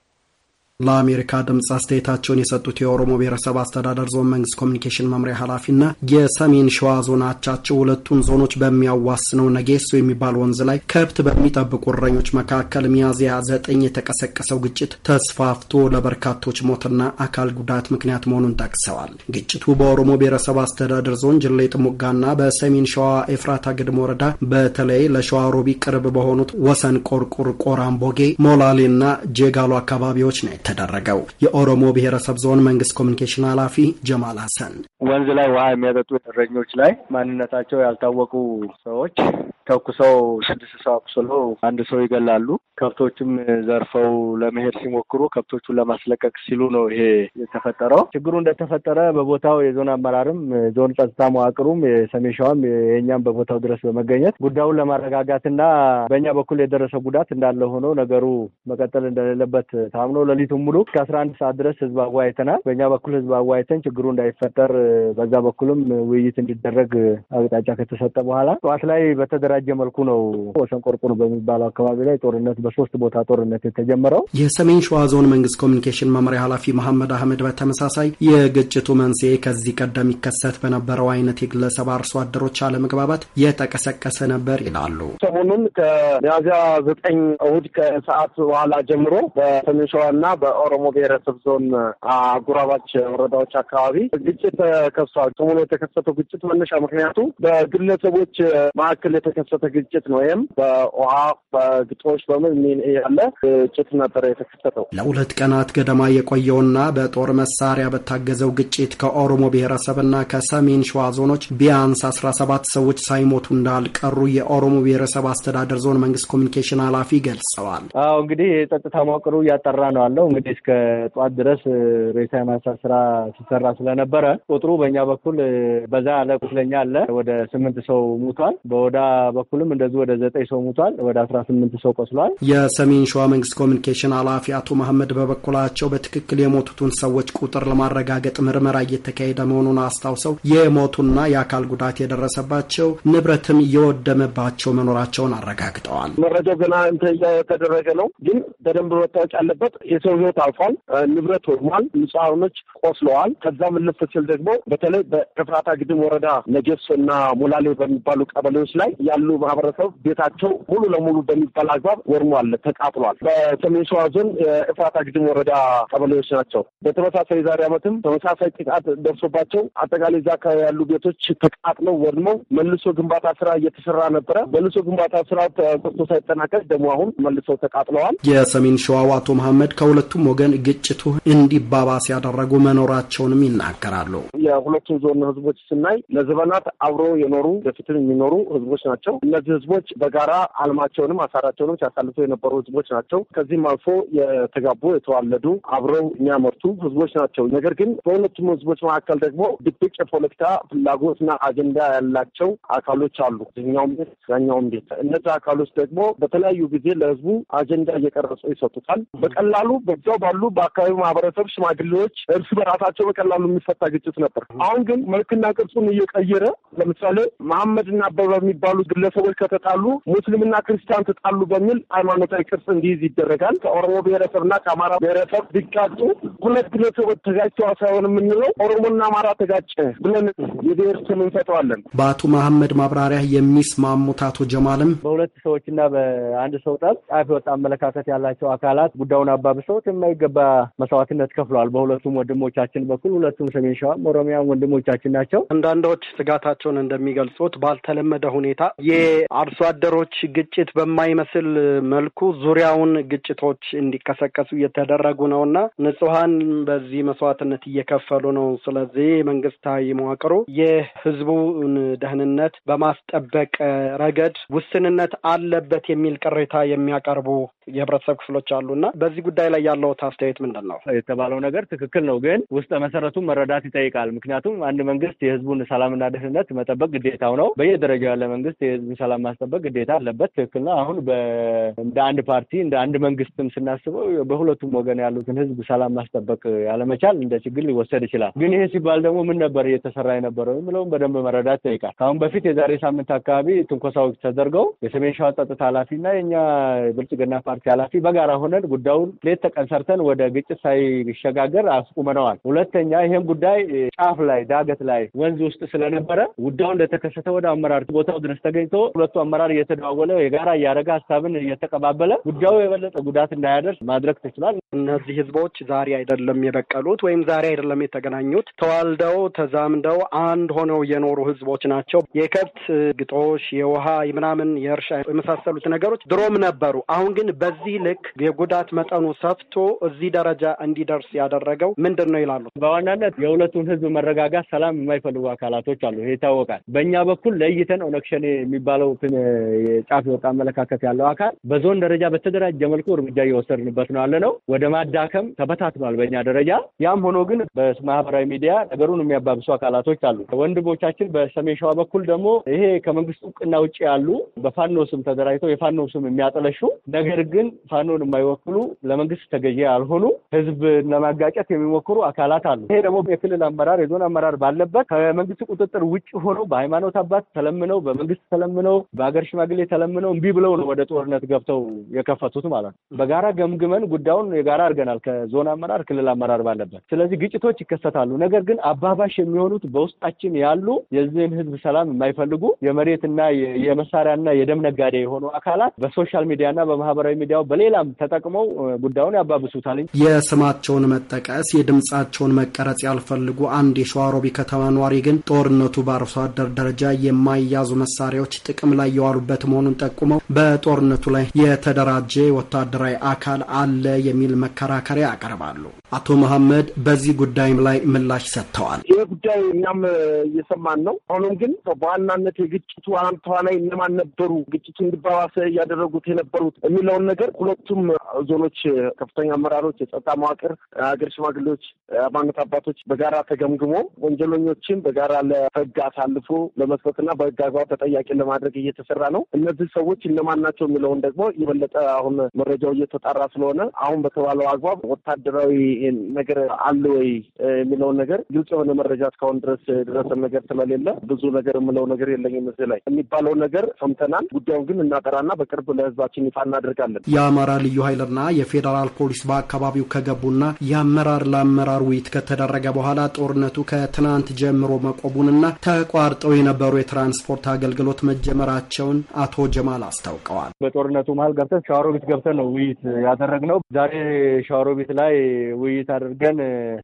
ለአሜሪካ ድምፅ አስተያየታቸውን የሰጡት የኦሮሞ ብሔረሰብ አስተዳደር ዞን መንግስት ኮሚኒኬሽን መምሪያ ኃላፊና የሰሜን ሸዋ ዞን አቻቸው ሁለቱን ዞኖች በሚያዋስነው ነጌሶ የሚባል ወንዝ ላይ ከብት በሚጠብቁ እረኞች መካከል ሚያዝያ ዘጠኝ የተቀሰቀሰው ግጭት ተስፋፍቶ ለበርካቶች ሞትና አካል ጉዳት ምክንያት መሆኑን ጠቅሰዋል። ግጭቱ በኦሮሞ ብሔረሰብ አስተዳደር ዞን ጅሌ ጥሙጋና በሰሜን ሸዋ ኤፍራታ ግድም ወረዳ በተለይ ለሸዋ ሮቢ ቅርብ በሆኑት ወሰን ቆርቁር፣ ቆራምቦጌ፣ ሞላሌና ጄጋሎ አካባቢዎች ነው የተደረገው። የኦሮሞ ብሔረሰብ ዞን መንግስት ኮሚኒኬሽን ኃላፊ ጀማል ሀሰን ወንዝ ላይ ውሃ የሚያጠጡ እረኞች ላይ ማንነታቸው ያልታወቁ ሰዎች ተኩሰው ስድስት ሰው አቁስሎ አንድ ሰው ይገላሉ። ከብቶችም ዘርፈው ለመሄድ ሲሞክሩ ከብቶቹን ለማስለቀቅ ሲሉ ነው ይሄ የተፈጠረው። ችግሩ እንደተፈጠረ በቦታው የዞን አመራርም ዞን ጸጥታ መዋቅሩም የሰሜን ሸዋም የእኛም በቦታው ድረስ በመገኘት ጉዳዩን ለማረጋጋትና በእኛ በኩል የደረሰ ጉዳት እንዳለ ሆኖ ነገሩ መቀጠል እንደሌለበት ታምኖ ለሊቱ ቀኑን ሙሉ ከአስራ አንድ ሰዓት ድረስ ህዝብ አዋይተናል። በእኛ በኩል ህዝብ አዋይተን ችግሩ እንዳይፈጠር በዛ በኩልም ውይይት እንዲደረግ አቅጣጫ ከተሰጠ በኋላ ጠዋት ላይ በተደራጀ መልኩ ነው ወሰን ቆርቁር በሚባለው አካባቢ ላይ ጦርነት በሶስት ቦታ ጦርነት የተጀመረው። የሰሜን ሸዋ ዞን መንግስት ኮሚኒኬሽን መምሪያ ኃላፊ መሐመድ አህመድ በተመሳሳይ የግጭቱ መንስኤ ከዚህ ቀደም ይከሰት በነበረው አይነት የግለሰብ አርሶ አደሮች አለመግባባት የተቀሰቀሰ ነበር ይላሉ። ሰሞኑን ከሚያዝያ ዘጠኝ እሁድ ከሰዓት በኋላ ጀምሮ በሰሜን ሸዋና በ በኦሮሞ ብሔረሰብ ዞን አጉራባች ወረዳዎች አካባቢ ግጭት ተከስቷል። ሰሞኑ የተከሰተው ግጭት መነሻ ምክንያቱ በግለሰቦች መካከል የተከሰተ ግጭት ነው። ይህም በውሃ በግጦሽ በምን ያለ ግጭት ነበረ የተከሰተው። ለሁለት ቀናት ገደማ የቆየውና በጦር መሳሪያ በታገዘው ግጭት ከኦሮሞ ብሔረሰብና ከሰሜን ሸዋ ዞኖች ቢያንስ አስራ ሰባት ሰዎች ሳይሞቱ እንዳልቀሩ የኦሮሞ ብሔረሰብ አስተዳደር ዞን መንግስት ኮሚኒኬሽን ኃላፊ ገልጸዋል። አዎ እንግዲህ የጸጥታ መዋቅሩ እያጠራ ነው አለው እንግዲህ እስከ ጠዋት ድረስ ሬሳ የማንሳት ስራ ሲሰራ ስለነበረ ቁጥሩ በእኛ በኩል በዛ ያለ ቁስለኛ አለ። ወደ ስምንት ሰው ሙቷል። በወዳ በኩልም እንደዚሁ ወደ ዘጠኝ ሰው ሙቷል። ወደ አስራ ስምንት ሰው ቆስሏል። የሰሜን ሸዋ መንግስት ኮሚኒኬሽን ኃላፊ አቶ መሐመድ በበኩላቸው በትክክል የሞቱትን ሰዎች ቁጥር ለማረጋገጥ ምርመራ እየተካሄደ መሆኑን አስታውሰው የሞቱና የአካል ጉዳት የደረሰባቸው ንብረትም የወደመባቸው መኖራቸውን አረጋግጠዋል። መረጃው ገና እንትን እየተደረገ ነው፣ ግን በደንብ መታወቅ አለበት የሰው ህይወት አልፏል፣ ንብረት ወድሟል፣ ንጹሃኖች ቆስለዋል። ከዛ መለስ ደግሞ በተለይ በኤፍራታ ግድም ወረዳ ነጌሶ እና ሞላሌ በሚባሉ ቀበሌዎች ላይ ያሉ ማህበረሰብ ቤታቸው ሙሉ ለሙሉ በሚባል አግባብ ወድሟል፣ ተቃጥሏል። በሰሜን ሸዋ ዞን የእፍራታ ግድም ወረዳ ቀበሌዎች ናቸው። በተመሳሳይ ዛሬ ዓመትም ተመሳሳይ ጥቃት ደርሶባቸው አጠቃላይ ዛ አካባቢ ያሉ ቤቶች ተቃጥለው ወድመው መልሶ ግንባታ ስራ እየተሰራ ነበረ። መልሶ ግንባታ ስራ ተቆጥቶ ሳይጠናቀቅ ደግሞ አሁን መልሰው ተቃጥለዋል። የሰሜን ሸዋው አቶ መሐመድ ከሁለት ሁለቱም ወገን ግጭቱ እንዲባባስ ያደረጉ መኖራቸውንም ይናገራሉ። የሁለቱ ዞን ህዝቦች ስናይ ለዘመናት አብሮ የኖሩ በፊትም የሚኖሩ ህዝቦች ናቸው። እነዚህ ህዝቦች በጋራ አልማቸውንም አሳራቸውንም ሲያሳልፉ የነበሩ ህዝቦች ናቸው። ከዚህም አልፎ የተጋቡ የተዋለዱ አብረው የሚያመርቱ ህዝቦች ናቸው። ነገር ግን በሁለቱም ህዝቦች መካከል ደግሞ ድብቅ የፖለቲካ ፍላጎትና አጀንዳ ያላቸው አካሎች አሉ። ኛውም ቤት ያኛውም ቤት። እነዚህ አካሎች ደግሞ በተለያዩ ጊዜ ለህዝቡ አጀንዳ እየቀረጹ ይሰጡታል። በቀላሉ በዛው ባሉ በአካባቢው ማህበረሰብ ሽማግሌዎች እርስ በራሳቸው በቀላሉ የሚፈታ ግጭት ነበር። አሁን ግን መልክና ቅርጹን እየቀየረ ለምሳሌ መሐመድና አበበ የሚባሉ ግለሰቦች ከተጣሉ ሙስሊምና ክርስቲያን ተጣሉ በሚል ሃይማኖታዊ ቅርጽ እንዲይዝ ይደረጋል። ከኦሮሞ ብሔረሰብና ከአማራ ብሔረሰብ ቢጋጩ ሁለት ግለሰቦች ተጋጭተዋል ሳይሆን የምንለው ኦሮሞና አማራ ተጋጨ ብለን የብሔር ስም እንሰጠዋለን። በአቶ መሐመድ ማብራሪያ የሚስማሙት አቶ ጀማልም በሁለት ሰዎችና በአንድ ሰው ጠብ ጣፊ ወጣ አመለካከት ያላቸው አካላት ጉዳዩን አባብሰው የማይገባ መስዋዕትነት ከፍለዋል። በሁለቱም ወንድሞቻችን በኩል ሁለቱም ሰሜን ሸዋም ኦሮሚያም ወንድሞቻችን ናቸው። አንዳንዶች ስጋታቸውን እንደሚገልጹት ባልተለመደ ሁኔታ የአርሶ አደሮች ግጭት በማይመስል መልኩ ዙሪያውን ግጭቶች እንዲቀሰቀሱ እየተደረጉ ነው እና ንጹሀን በዚህ መስዋዕትነት እየከፈሉ ነው። ስለዚህ መንግስታዊ መዋቅሩ የህዝቡን ደህንነት በማስጠበቅ ረገድ ውስንነት አለበት የሚል ቅሬታ የሚያቀርቡ የህብረተሰብ ክፍሎች አሉ እና በዚህ ጉዳይ ላይ ያለውት አስተያየት ምንድን ነው? የተባለው ነገር ትክክል ነው፣ ግን ውስጠ መሰረቱን መረዳት ይጠይቃል። ምክንያቱም አንድ መንግስት የህዝቡን ሰላምና ደህንነት መጠበቅ ግዴታው ነው። በየደረጃው ያለ መንግስት የህዝቡን ሰላም ማስጠበቅ ግዴታ አለበት። ትክክል ነው። አሁን እንደ አንድ ፓርቲ እንደ አንድ መንግስትም ስናስበው በሁለቱም ወገን ያሉትን ህዝብ ሰላም ማስጠበቅ ያለመቻል እንደ ችግር ሊወሰድ ይችላል። ግን ይሄ ሲባል ደግሞ ምን ነበር እየተሰራ የነበረው የሚለውም በደንብ መረዳት ይጠይቃል። ከአሁን በፊት የዛሬ ሳምንት አካባቢ ትንኮሳዎች ተደርገው የሰሜን ሸዋ ጸጥታ ኃላፊና የእኛ ብልጽግና ፓርቲ ፓርቲ ኃላፊ በጋራ ሆነን ጉዳዩን ሌት ተቀን ሰርተን ወደ ግጭት ሳይሸጋገር አስቁመነዋል። ሁለተኛ ይሄም ጉዳይ ጫፍ ላይ ዳገት ላይ ወንዝ ውስጥ ስለነበረ ጉዳዩ እንደተከሰተ ወደ አመራር ቦታው ድረስ ተገኝቶ ሁለቱ አመራር እየተደዋወለ የጋራ እያደረገ ሀሳብን እየተቀባበለ ጉዳዩ የበለጠ ጉዳት እንዳያደርስ ማድረግ ተችሏል። እነዚህ ህዝቦች ዛሬ አይደለም የበቀሉት ወይም ዛሬ አይደለም የተገናኙት። ተዋልደው ተዛምደው አንድ ሆነው የኖሩ ህዝቦች ናቸው። የከብት ግጦሽ፣ የውሃ ምናምን፣ የእርሻ የመሳሰሉት ነገሮች ድሮም ነበሩ። አሁን ግን በ በዚህ ልክ የጉዳት መጠኑ ሰፍቶ እዚህ ደረጃ እንዲደርስ ያደረገው ምንድን ነው ይላሉ። በዋናነት የሁለቱን ህዝብ መረጋጋት፣ ሰላም የማይፈልጉ አካላቶች አሉ። ይህ ይታወቃል። በእኛ በኩል ለይተን ኦነግ ሸኔ የሚባለው ጫፍ የወጣ አመለካከት ያለው አካል በዞን ደረጃ በተደራጀ መልኩ እርምጃ እየወሰድንበት ነው ያለ ነው። ወደ ማዳከም ተበታትኗል በእኛ ደረጃ። ያም ሆኖ ግን በማህበራዊ ሚዲያ ነገሩን የሚያባብሱ አካላቶች አሉ። ወንድሞቻችን በሰሜን ሸዋ በኩል ደግሞ ይሄ ከመንግስት እውቅና ውጭ ያሉ በፋኖ ስም ተደራጅተው የፋኖ ስም የሚያጠለሹ ነገር ግን ፋኖን የማይወክሉ ለመንግስት ተገዢ ያልሆኑ ህዝብ ለማጋጨት የሚሞክሩ አካላት አሉ። ይሄ ደግሞ የክልል አመራር፣ የዞን አመራር ባለበት ከመንግስት ቁጥጥር ውጭ ሆኖ በሃይማኖት አባት ተለምነው፣ በመንግስት ተለምነው፣ በሀገር ሽማግሌ ተለምነው እምቢ ብለው ነው ወደ ጦርነት ገብተው የከፈቱት ማለት ነው። በጋራ ገምግመን ጉዳዩን የጋራ አድርገናል ከዞን አመራር፣ ክልል አመራር ባለበት። ስለዚህ ግጭቶች ይከሰታሉ። ነገር ግን አባባሽ የሚሆኑት በውስጣችን ያሉ የዚህን ህዝብ ሰላም የማይፈልጉ የመሬትና የመሳሪያና የደም ነጋዴ የሆኑ አካላት በሶሻል ሚዲያና በማህበራዊ ሚዲያው በሌላም ተጠቅመው ጉዳዩን ያባብሱታል። የስማቸውን መጠቀስ የድምፃቸውን መቀረጽ ያልፈልጉ አንድ የሸዋሮቢ ከተማ ነዋሪ ግን ጦርነቱ በአርሶ አደር ደረጃ የማይያዙ መሳሪያዎች ጥቅም ላይ የዋሉበት መሆኑን ጠቁመው በጦርነቱ ላይ የተደራጀ ወታደራዊ አካል አለ የሚል መከራከሪያ ያቀርባሉ። አቶ መሐመድ በዚህ ጉዳይም ላይ ምላሽ ሰጥተዋል። ይህ ጉዳይ እኛም እየሰማን ነው። ሆኖም ግን በዋናነት የግጭቱ አንቷ ላይ እነማን ነበሩ ግጭቱ እንዲባባሰ እያደረጉት የነበሩት የሚለውን ነገር ሁለቱም ዞኖች ከፍተኛ አመራሮች፣ የጸጥታ መዋቅር፣ ሀገር ሽማግሌዎች፣ ሃይማኖት አባቶች በጋራ ተገምግሞ ወንጀለኞችን በጋራ ለህግ አሳልፎ ለመስጠትና በህግ አግባብ ተጠያቂ ለማድረግ እየተሰራ ነው። እነዚህ ሰዎች እነማን ናቸው የሚለውን ደግሞ የበለጠ አሁን መረጃው እየተጣራ ስለሆነ አሁን በተባለው አግባብ ወታደራዊ ይሄን ነገር አለ ወይ የሚለውን ነገር ግልጽ የሆነ መረጃ እስካሁን ድረስ የደረሰን ነገር ስለሌለ ብዙ ነገር የምለው ነገር የለኝም። እዚህ ላይ የሚባለው ነገር ሰምተናል። ጉዳዩን ግን እናጠራና በቅርብ ለህዝባችን ይፋ እናደርጋለን። የአማራ ልዩ ኃይልና የፌዴራል ፖሊስ በአካባቢው ከገቡና የአመራር ለአመራር ውይይት ከተደረገ በኋላ ጦርነቱ ከትናንት ጀምሮ መቆቡንና ተቋርጠው የነበሩ የትራንስፖርት አገልግሎት መጀመራቸውን አቶ ጀማል አስታውቀዋል። በጦርነቱ መሀል ገብተን ሸዋሮቢት ገብተን ነው ውይይት ያደረግነው ዛሬ ሸዋሮቢት ላይ ውይይት አድርገን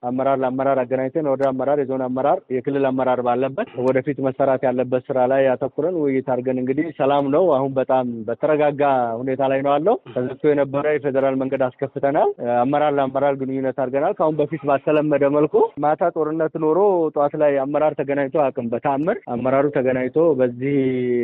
አመራር ለአመራር አገናኝተን ወደ አመራር የዞን አመራር የክልል አመራር ባለበት ወደፊት መሰራት ያለበት ስራ ላይ ያተኩረን ውይይት አድርገን እንግዲህ ሰላም ነው። አሁን በጣም በተረጋጋ ሁኔታ ላይ ነው አለው። ተዘግቶ የነበረ የፌዴራል መንገድ አስከፍተናል። አመራር ለአመራር ግንኙነት አድርገናል። ከአሁን በፊት ባልተለመደ መልኩ ማታ ጦርነት ኖሮ ጠዋት ላይ አመራር ተገናኝቶ አቅም በታምር አመራሩ ተገናኝቶ በዚህ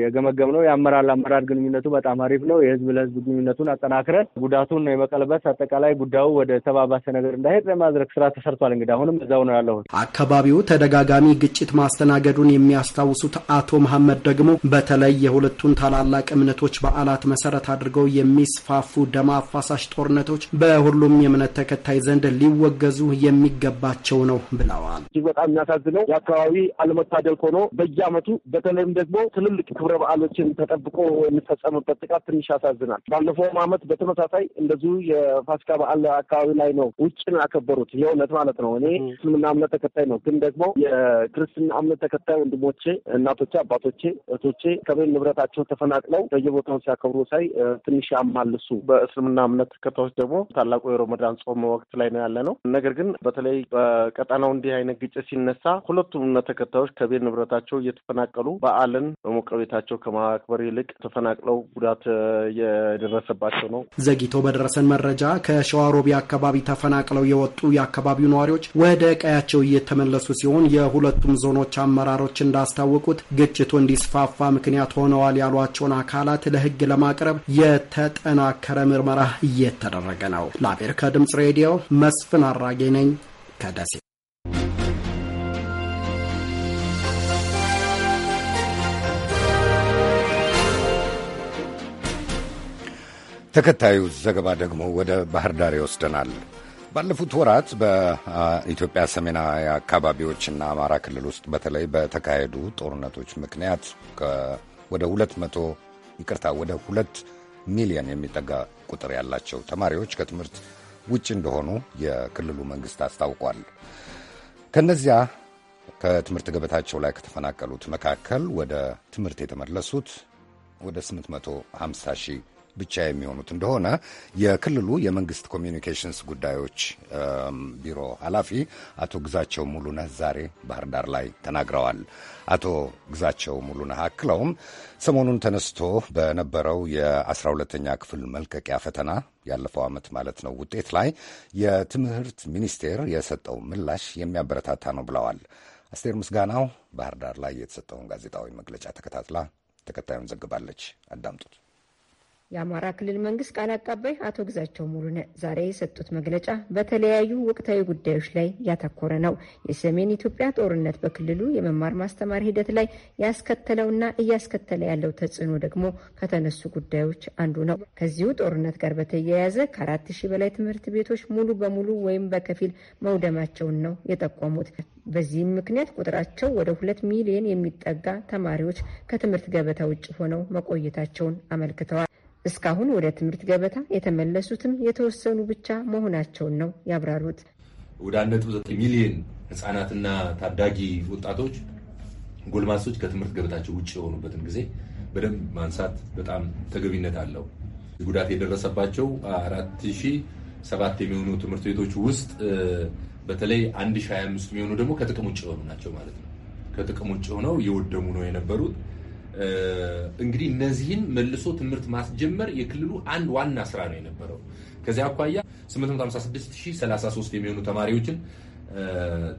የገመገም ነው። የአመራር ለአመራር ግንኙነቱ በጣም አሪፍ ነው። የህዝብ ለህዝብ ግንኙነቱን አጠናክረን ጉዳቱን የመቀልበስ አጠቃላይ ጉዳዩ ወደ ተባባሰ ነገር እንዳ እንዳይሄድ ለማድረግ ስራ ተሰርቷል። እንግዲህ አሁንም እዛው ነው ያለሁት። አካባቢው ተደጋጋሚ ግጭት ማስተናገዱን የሚያስታውሱት አቶ መሐመድ ደግሞ በተለይ የሁለቱን ታላላቅ እምነቶች በዓላት መሰረት አድርገው የሚስፋፉ ደም አፋሳሽ ጦርነቶች በሁሉም የእምነት ተከታይ ዘንድ ሊወገዙ የሚገባቸው ነው ብለዋል። እጅግ በጣም የሚያሳዝነው የአካባቢ አለመታደል ሆኖ በየዓመቱ በተለይም ደግሞ ትልልቅ ክብረ በዓሎችን ተጠብቆ የሚፈጸምበት ጥቃት ትንሽ ያሳዝናል። ባለፈውም ዓመት በተመሳሳይ እንደዚሁ የፋሲካ በዓል አካባቢ ላይ ነው ውጭ አከበሩት። የእውነት ማለት ነው። እኔ እስልምና እምነት ተከታይ ነው፣ ግን ደግሞ የክርስትና እምነት ተከታይ ወንድሞቼ፣ እናቶቼ፣ አባቶቼ፣ እህቶቼ ከቤት ንብረታቸው ተፈናቅለው በየቦታው ሲያከብሩ ሳይ ትንሽ አማልሱ። በእስልምና እምነት ተከታዮች ደግሞ ታላቁ የሮመዳን ጾም ወቅት ላይ ነው ያለ ነው። ነገር ግን በተለይ በቀጠናው እንዲህ አይነት ግጭት ሲነሳ ሁለቱም እምነት ተከታዮች ከቤት ንብረታቸው እየተፈናቀሉ በዓልን በሞቀ ቤታቸው ከማክበር ይልቅ ተፈናቅለው ጉዳት የደረሰባቸው ነው። ዘግይቶ በደረሰን መረጃ ከሸዋሮቢ አካባቢ ተፈናቅለው የወጡ የአካባቢው ነዋሪዎች ወደ ቀያቸው እየተመለሱ ሲሆን የሁለቱም ዞኖች አመራሮች እንዳስታወቁት ግጭቱ እንዲስፋፋ ምክንያት ሆነዋል ያሏቸውን አካላት ለሕግ ለማቅረብ የተጠናከረ ምርመራ እየተደረገ ነው። ለአሜሪካ ድምጽ ሬዲዮ መስፍን አራጌ ነኝ ከደሴ። ተከታዩ ዘገባ ደግሞ ወደ ባህር ዳር ይወስደናል። ባለፉት ወራት በኢትዮጵያ ሰሜናዊ አካባቢዎችና አማራ ክልል ውስጥ በተለይ በተካሄዱ ጦርነቶች ምክንያት ወደ ሁለት መቶ ይቅርታ ወደ ሁለት ሚሊዮን የሚጠጋ ቁጥር ያላቸው ተማሪዎች ከትምህርት ውጭ እንደሆኑ የክልሉ መንግስት አስታውቋል። ከነዚያ ከትምህርት ገበታቸው ላይ ከተፈናቀሉት መካከል ወደ ትምህርት የተመለሱት ወደ 850 ሺህ ብቻ የሚሆኑት እንደሆነ የክልሉ የመንግስት ኮሚኒኬሽንስ ጉዳዮች ቢሮ ኃላፊ አቶ ግዛቸው ሙሉነህ ዛሬ ባህር ዳር ላይ ተናግረዋል። አቶ ግዛቸው ሙሉነህ አክለውም ሰሞኑን ተነስቶ በነበረው የ12ተኛ ክፍል መልቀቂያ ፈተና ያለፈው ዓመት ማለት ነው ውጤት ላይ የትምህርት ሚኒስቴር የሰጠው ምላሽ የሚያበረታታ ነው ብለዋል። አስቴር ምስጋናው ባህር ዳር ላይ የተሰጠውን ጋዜጣዊ መግለጫ ተከታትላ ተከታዩን ዘግባለች። አዳምጡት። የአማራ ክልል መንግስት ቃል አቀባይ አቶ ግዛቸው ሙሉነ ዛሬ የሰጡት መግለጫ በተለያዩ ወቅታዊ ጉዳዮች ላይ ያተኮረ ነው። የሰሜን ኢትዮጵያ ጦርነት በክልሉ የመማር ማስተማር ሂደት ላይ ያስከተለውና እያስከተለ ያለው ተጽዕኖ ደግሞ ከተነሱ ጉዳዮች አንዱ ነው። ከዚሁ ጦርነት ጋር በተያያዘ ከአራት ሺህ በላይ ትምህርት ቤቶች ሙሉ በሙሉ ወይም በከፊል መውደማቸውን ነው የጠቆሙት። በዚህም ምክንያት ቁጥራቸው ወደ ሁለት ሚሊዮን የሚጠጋ ተማሪዎች ከትምህርት ገበታ ውጭ ሆነው መቆየታቸውን አመልክተዋል። እስካሁን ወደ ትምህርት ገበታ የተመለሱትም የተወሰኑ ብቻ መሆናቸውን ነው ያብራሩት። ወደ 1.9 ሚሊዮን ህጻናትና ታዳጊ ወጣቶች፣ ጎልማሶች ከትምህርት ገበታቸው ውጭ የሆኑበትን ጊዜ በደንብ ማንሳት በጣም ተገቢነት አለው። ጉዳት የደረሰባቸው 4007 የሚሆኑ ትምህርት ቤቶች ውስጥ በተለይ 1025 የሚሆኑ ደግሞ ከጥቅም ውጭ የሆኑ ናቸው ማለት ነው። ከጥቅም ውጭ ሆነው የወደሙ ነው የነበሩት። እንግዲህ እነዚህን መልሶ ትምህርት ማስጀመር የክልሉ አንድ ዋና ስራ ነው የነበረው። ከዚያ አኳያ 856033 የሚሆኑ ተማሪዎችን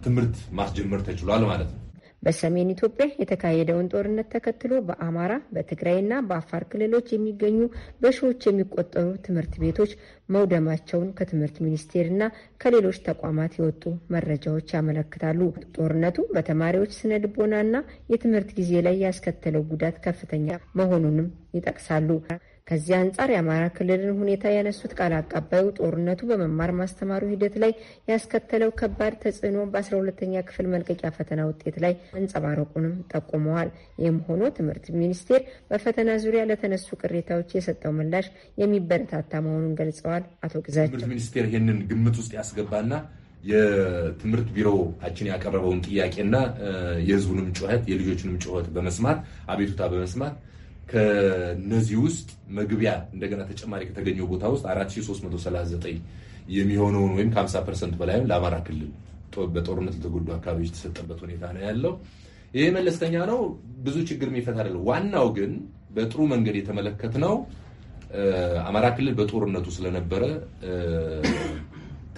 ትምህርት ማስጀመር ተችሏል ማለት ነው። በሰሜን ኢትዮጵያ የተካሄደውን ጦርነት ተከትሎ በአማራ በትግራይና በአፋር ክልሎች የሚገኙ በሺዎች የሚቆጠሩ ትምህርት ቤቶች መውደማቸውን ከትምህርት ሚኒስቴርና ከሌሎች ተቋማት የወጡ መረጃዎች ያመለክታሉ። ጦርነቱ በተማሪዎች ስነ ልቦናና የትምህርት ጊዜ ላይ ያስከተለው ጉዳት ከፍተኛ መሆኑንም ይጠቅሳሉ። ከዚህ አንጻር የአማራ ክልልን ሁኔታ ያነሱት ቃል አቀባዩ ጦርነቱ በመማር ማስተማሩ ሂደት ላይ ያስከተለው ከባድ ተጽዕኖ በ12ተኛ ክፍል መልቀቂያ ፈተና ውጤት ላይ አንጸባረቁንም ጠቁመዋል። ይህም ሆኖ ትምህርት ሚኒስቴር በፈተና ዙሪያ ለተነሱ ቅሬታዎች የሰጠው ምላሽ የሚበረታታ መሆኑን ገልጸዋል። አቶ ግዛቸው ትምህርት ሚኒስቴር ይህንን ግምት ውስጥ ያስገባና የትምህርት ቢሮችን ያቀረበውን ጥያቄና የህዝቡንም ጩኸት የልጆችንም ጩኸት በመስማት አቤቱታ በመስማት ከነዚህ ውስጥ መግቢያ እንደገና ተጨማሪ ከተገኘው ቦታ ውስጥ 4339 የሚሆነውን ወይም ከ50 ፐርሰንት በላይም ለአማራ ክልል በጦርነት ለተጎዱ አካባቢዎች የተሰጠበት ሁኔታ ነው ያለው። ይህ መለስተኛ ነው፣ ብዙ ችግር የሚፈታ አይደለም። ዋናው ግን በጥሩ መንገድ የተመለከት ነው አማራ ክልል በጦርነቱ ስለነበረ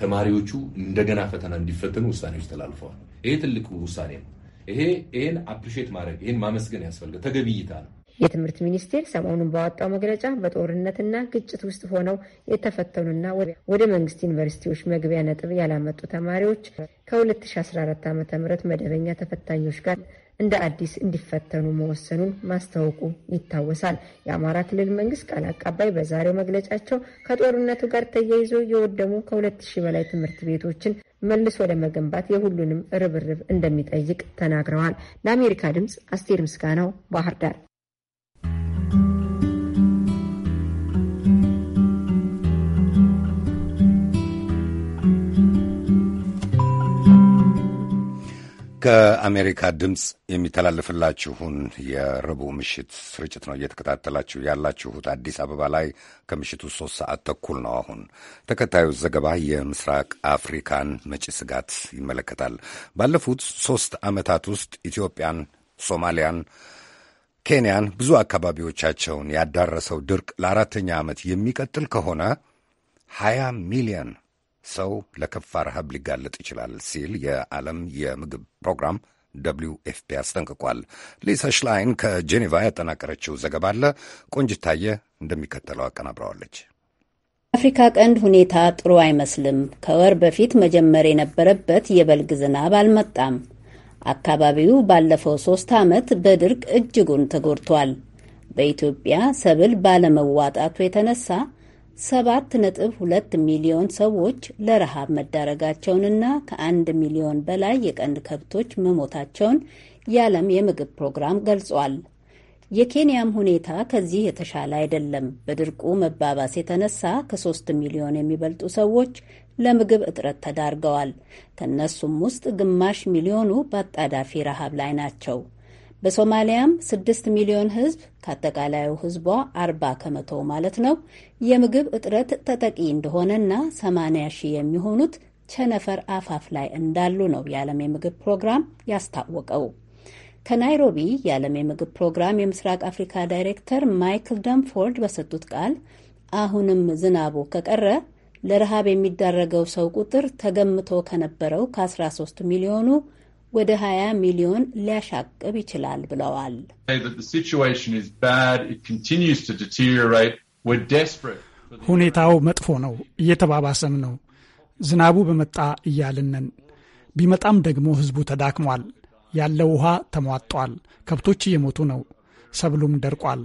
ተማሪዎቹ እንደገና ፈተና እንዲፈተኑ ውሳኔዎች ተላልፈዋል። ይሄ ትልቅ ውሳኔ ነው። ይሄ ይሄን አፕሪሼት ማድረግ ይሄን ማመስገን ያስፈልጋል። ተገቢ እይታ ነው። የትምህርት ሚኒስቴር ሰሞኑን ባወጣው መግለጫ በጦርነትና ግጭት ውስጥ ሆነው የተፈተኑና ወደ መንግስት ዩኒቨርሲቲዎች መግቢያ ነጥብ ያላመጡ ተማሪዎች ከ2014 ዓ ም መደበኛ ተፈታኞች ጋር እንደ አዲስ እንዲፈተኑ መወሰኑን ማስታወቁ ይታወሳል። የአማራ ክልል መንግስት ቃል አቀባይ በዛሬው መግለጫቸው ከጦርነቱ ጋር ተያይዞ የወደሙ ከ ሺህ በላይ ትምህርት ቤቶችን መልሶ ለመገንባት የሁሉንም ርብርብ እንደሚጠይቅ ተናግረዋል። ለአሜሪካ ድምፅ አስቴር ምስጋናው ባህር ዳር ከአሜሪካ ድምፅ የሚተላለፍላችሁን የረቡዕ ምሽት ስርጭት ነው እየተከታተላችሁ ያላችሁት። አዲስ አበባ ላይ ከምሽቱ ሶስት ሰዓት ተኩል ነው። አሁን ተከታዩ ዘገባ የምስራቅ አፍሪካን መጪ ስጋት ይመለከታል። ባለፉት ሶስት ዓመታት ውስጥ ኢትዮጵያን፣ ሶማሊያን፣ ኬንያን ብዙ አካባቢዎቻቸውን ያዳረሰው ድርቅ ለአራተኛ ዓመት የሚቀጥል ከሆነ 20 ሚሊዮን ሰው ለከፋ ረሃብ ሊጋለጥ ይችላል ሲል የዓለም የምግብ ፕሮግራም ደብሊው ኤፍፒ አስጠንቅቋል። ሊሳ ሽላይን ከጄኔቫ ያጠናቀረችው ዘገባ አለ። ቆንጅታየ እንደሚከተለው አቀናብረዋለች። አፍሪካ ቀንድ ሁኔታ ጥሩ አይመስልም። ከወር በፊት መጀመር የነበረበት የበልግ ዝናብ አልመጣም። አካባቢው ባለፈው ሶስት ዓመት በድርቅ እጅጉን ተጎድቷል። በኢትዮጵያ ሰብል ባለመዋጣቱ የተነሳ ሰባት ነጥብ ሁለት ሚሊዮን ሰዎች ለረሃብ መዳረጋቸውንና ከአንድ ሚሊዮን በላይ የቀንድ ከብቶች መሞታቸውን የዓለም የምግብ ፕሮግራም ገልጿል። የኬንያም ሁኔታ ከዚህ የተሻለ አይደለም። በድርቁ መባባስ የተነሳ ከሶስት ሚሊዮን የሚበልጡ ሰዎች ለምግብ እጥረት ተዳርገዋል። ከእነሱም ውስጥ ግማሽ ሚሊዮኑ በአጣዳፊ ረሃብ ላይ ናቸው። በሶማሊያም ስድስት ሚሊዮን ህዝብ ከአጠቃላዩ ህዝቧ አርባ ከመቶ ማለት ነው የምግብ እጥረት ተጠቂ እንደሆነና ሰማንያ ሺህ የሚሆኑት ቸነፈር አፋፍ ላይ እንዳሉ ነው የዓለም የምግብ ፕሮግራም ያስታወቀው። ከናይሮቢ የዓለም የምግብ ፕሮግራም የምስራቅ አፍሪካ ዳይሬክተር ማይክል ደምፎርድ በሰጡት ቃል አሁንም ዝናቡ ከቀረ ለረሃብ የሚዳረገው ሰው ቁጥር ተገምቶ ከነበረው ከ13 ሚሊዮኑ ወደ 20 ሚሊዮን ሊያሻቅብ ይችላል ብለዋል። ሁኔታው መጥፎ ነው፣ እየተባባሰም ነው። ዝናቡ በመጣ እያልንን ቢመጣም ደግሞ ህዝቡ ተዳክሟል። ያለው ውሃ ተሟጧል። ከብቶች እየሞቱ ነው። ሰብሉም ደርቋል።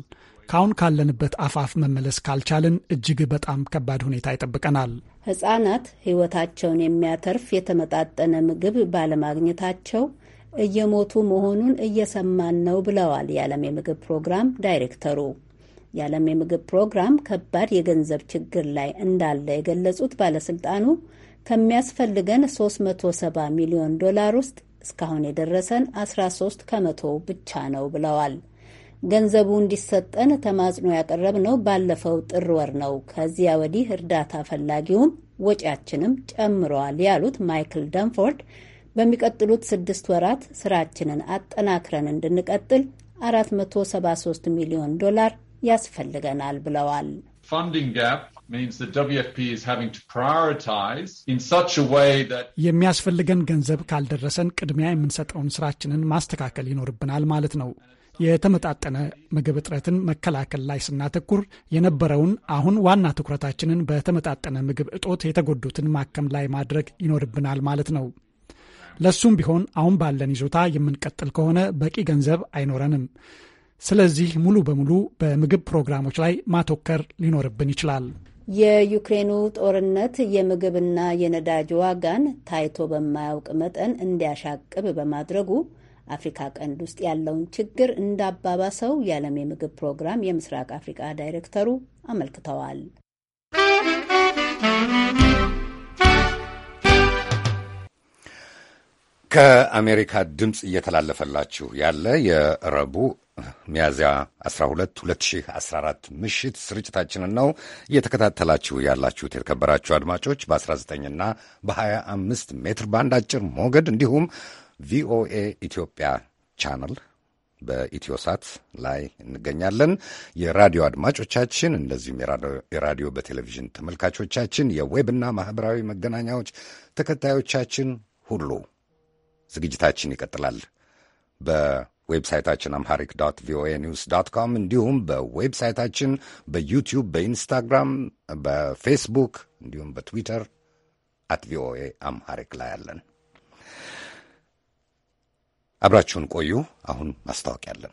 ከአሁን ካለንበት አፋፍ መመለስ ካልቻልን እጅግ በጣም ከባድ ሁኔታ ይጠብቀናል። ሕጻናት ሕይወታቸውን የሚያተርፍ የተመጣጠነ ምግብ ባለማግኘታቸው እየሞቱ መሆኑን እየሰማን ነው ብለዋል የዓለም የምግብ ፕሮግራም ዳይሬክተሩ። የዓለም የምግብ ፕሮግራም ከባድ የገንዘብ ችግር ላይ እንዳለ የገለጹት ባለስልጣኑ ከሚያስፈልገን 370 ሚሊዮን ዶላር ውስጥ እስካሁን የደረሰን 13 ከመቶ ብቻ ነው ብለዋል። ገንዘቡ እንዲሰጠን ተማጽኖ ያቀረብነው ባለፈው ጥር ወር ነው። ከዚያ ወዲህ እርዳታ ፈላጊውም ወጪያችንም ጨምረዋል ያሉት ማይክል ደንፎርድ በሚቀጥሉት ስድስት ወራት ስራችንን አጠናክረን እንድንቀጥል 473 ሚሊዮን ዶላር ያስፈልገናል ብለዋል። የሚያስፈልገን ገንዘብ ካልደረሰን ቅድሚያ የምንሰጠውን ስራችንን ማስተካከል ይኖርብናል ማለት ነው። የተመጣጠነ ምግብ እጥረትን መከላከል ላይ ስናተኩር የነበረውን አሁን ዋና ትኩረታችንን በተመጣጠነ ምግብ እጦት የተጎዱትን ማከም ላይ ማድረግ ይኖርብናል ማለት ነው። ለሱም ቢሆን አሁን ባለን ይዞታ የምንቀጥል ከሆነ በቂ ገንዘብ አይኖረንም። ስለዚህ ሙሉ በሙሉ በምግብ ፕሮግራሞች ላይ ማተኮር ሊኖርብን ይችላል። የዩክሬኑ ጦርነት የምግብና የነዳጅ ዋጋን ታይቶ በማያውቅ መጠን እንዲያሻቅብ በማድረጉ አፍሪካ ቀንድ ውስጥ ያለውን ችግር እንዳባባሰው የዓለም የምግብ ፕሮግራም የምስራቅ አፍሪካ ዳይሬክተሩ አመልክተዋል። ከአሜሪካ ድምፅ እየተላለፈላችሁ ያለ የረቡ ሚያዝያ 12 2014 ምሽት ስርጭታችንን ነው እየተከታተላችሁ ያላችሁት። የተከበራችሁ አድማጮች በ19ና በ25 ሜትር ባንድ አጭር ሞገድ እንዲሁም ቪኦኤ ኢትዮጵያ ቻናል በኢትዮሳት ላይ እንገኛለን። የራዲዮ አድማጮቻችን እንደዚሁም የራዲዮ በቴሌቪዥን ተመልካቾቻችን፣ የዌብና ማህበራዊ መገናኛዎች ተከታዮቻችን ሁሉ ዝግጅታችን ይቀጥላል። በዌብሳይታችን አምሃሪክ ዶት ቪኦኤ ኒውስ ዶት ኮም እንዲሁም በዌብሳይታችን በዩቲዩብ፣ በኢንስታግራም፣ በፌስቡክ እንዲሁም በትዊተር አት ቪኦኤ አምሃሪክ ላይ አለን። አብራችሁን ቆዩ። አሁን ማስታወቂያ አለን።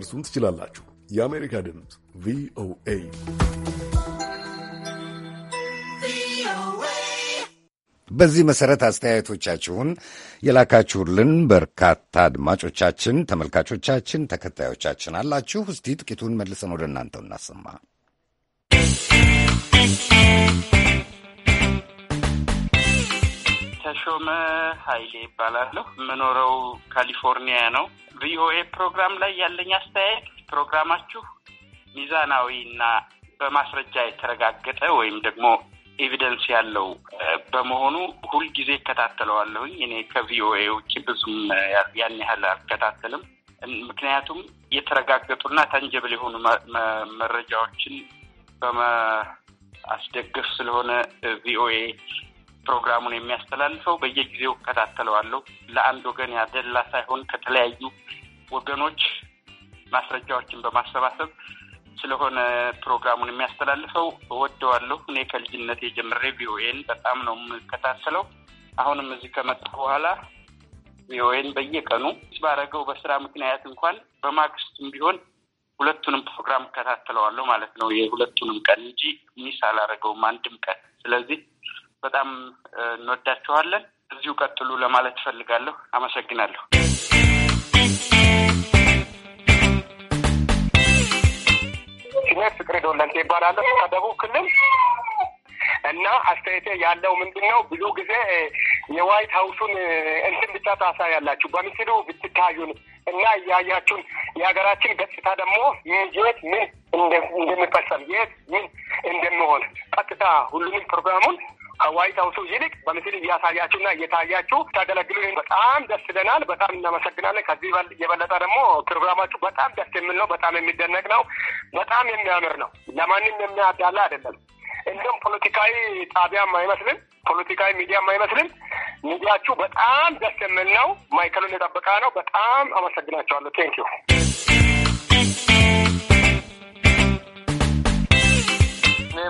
ልታደርሱን ትችላላችሁ። የአሜሪካ ድምፅ ቪኦኤ በዚህ መሰረት አስተያየቶቻችሁን የላካችሁልን በርካታ አድማጮቻችን፣ ተመልካቾቻችን፣ ተከታዮቻችን አላችሁ። እስቲ ጥቂቱን መልሰን ወደ እናንተው እናሰማ። ተሾመ ኃይሌ ይባላለሁ። የምኖረው ካሊፎርኒያ ነው። ቪኦኤ ፕሮግራም ላይ ያለኝ አስተያየት ፕሮግራማችሁ ሚዛናዊ እና በማስረጃ የተረጋገጠ ወይም ደግሞ ኤቪደንስ ያለው በመሆኑ ሁልጊዜ እከታተለዋለሁኝ። እኔ ከቪኦኤ ውጭ ብዙም ያን ያህል አልከታተልም። ምክንያቱም የተረጋገጡና ተንጀብል የሆኑ መረጃዎችን በማስደገፍ ስለሆነ ቪኦኤ ፕሮግራሙን የሚያስተላልፈው በየጊዜው እከታተለዋለሁ። ለአንድ ወገን ያደላ ሳይሆን ከተለያዩ ወገኖች ማስረጃዎችን በማሰባሰብ ስለሆነ ፕሮግራሙን የሚያስተላልፈው እወደዋለሁ። እኔ ከልጅነት የጀምሬ ቪኦኤን በጣም ነው የምከታተለው። አሁንም እዚህ ከመጣ በኋላ ቪኦኤን በየቀኑ ባረገው በስራ ምክንያት እንኳን በማግስቱም ቢሆን ሁለቱንም ፕሮግራም እከታተለዋለሁ ማለት ነው። የሁለቱንም ቀን እንጂ ሚስ አላረገውም አንድም ቀን። ስለዚህ በጣም እንወዳችኋለን። እዚሁ ቀጥሉ ለማለት እፈልጋለሁ። አመሰግናለሁ። ስሜ ፍቅሬ ዶለንጤ ይባላለሁ ከደቡብ ክልል እና አስተያየቴ ያለው ምንድን ነው ብዙ ጊዜ የዋይት ሀውሱን እንትን ብቻ ታሳያላችሁ በምስሉ ብትታዩን እና እያያችሁን የሀገራችን ገጽታ ደግሞ የት ምን እንደሚፈሰም የት ምን እንደሚሆን ቀጥታ ሁሉንም ፕሮግራሙን ከዋይት ሀውሱ ይልቅ በምስል እያሳያችሁ እየታያችሁ ታገለግሉ በጣም ደስ ይለናል። በጣም እናመሰግናለን። ከዚህ የበለጠ ደግሞ ፕሮግራማችሁ በጣም ደስ የሚል ነው። በጣም የሚደነቅ ነው። በጣም የሚያምር ነው። ለማንም የሚያዳላ አይደለም። እንዲም ፖለቲካዊ ጣቢያም አይመስልም። ፖለቲካዊ ሚዲያም አይመስልም። ሚዲያችሁ በጣም ደስ የሚል ነው። ማይከሉን የጠበቃ ነው። በጣም አመሰግናቸዋለሁ። ቴንኪዩ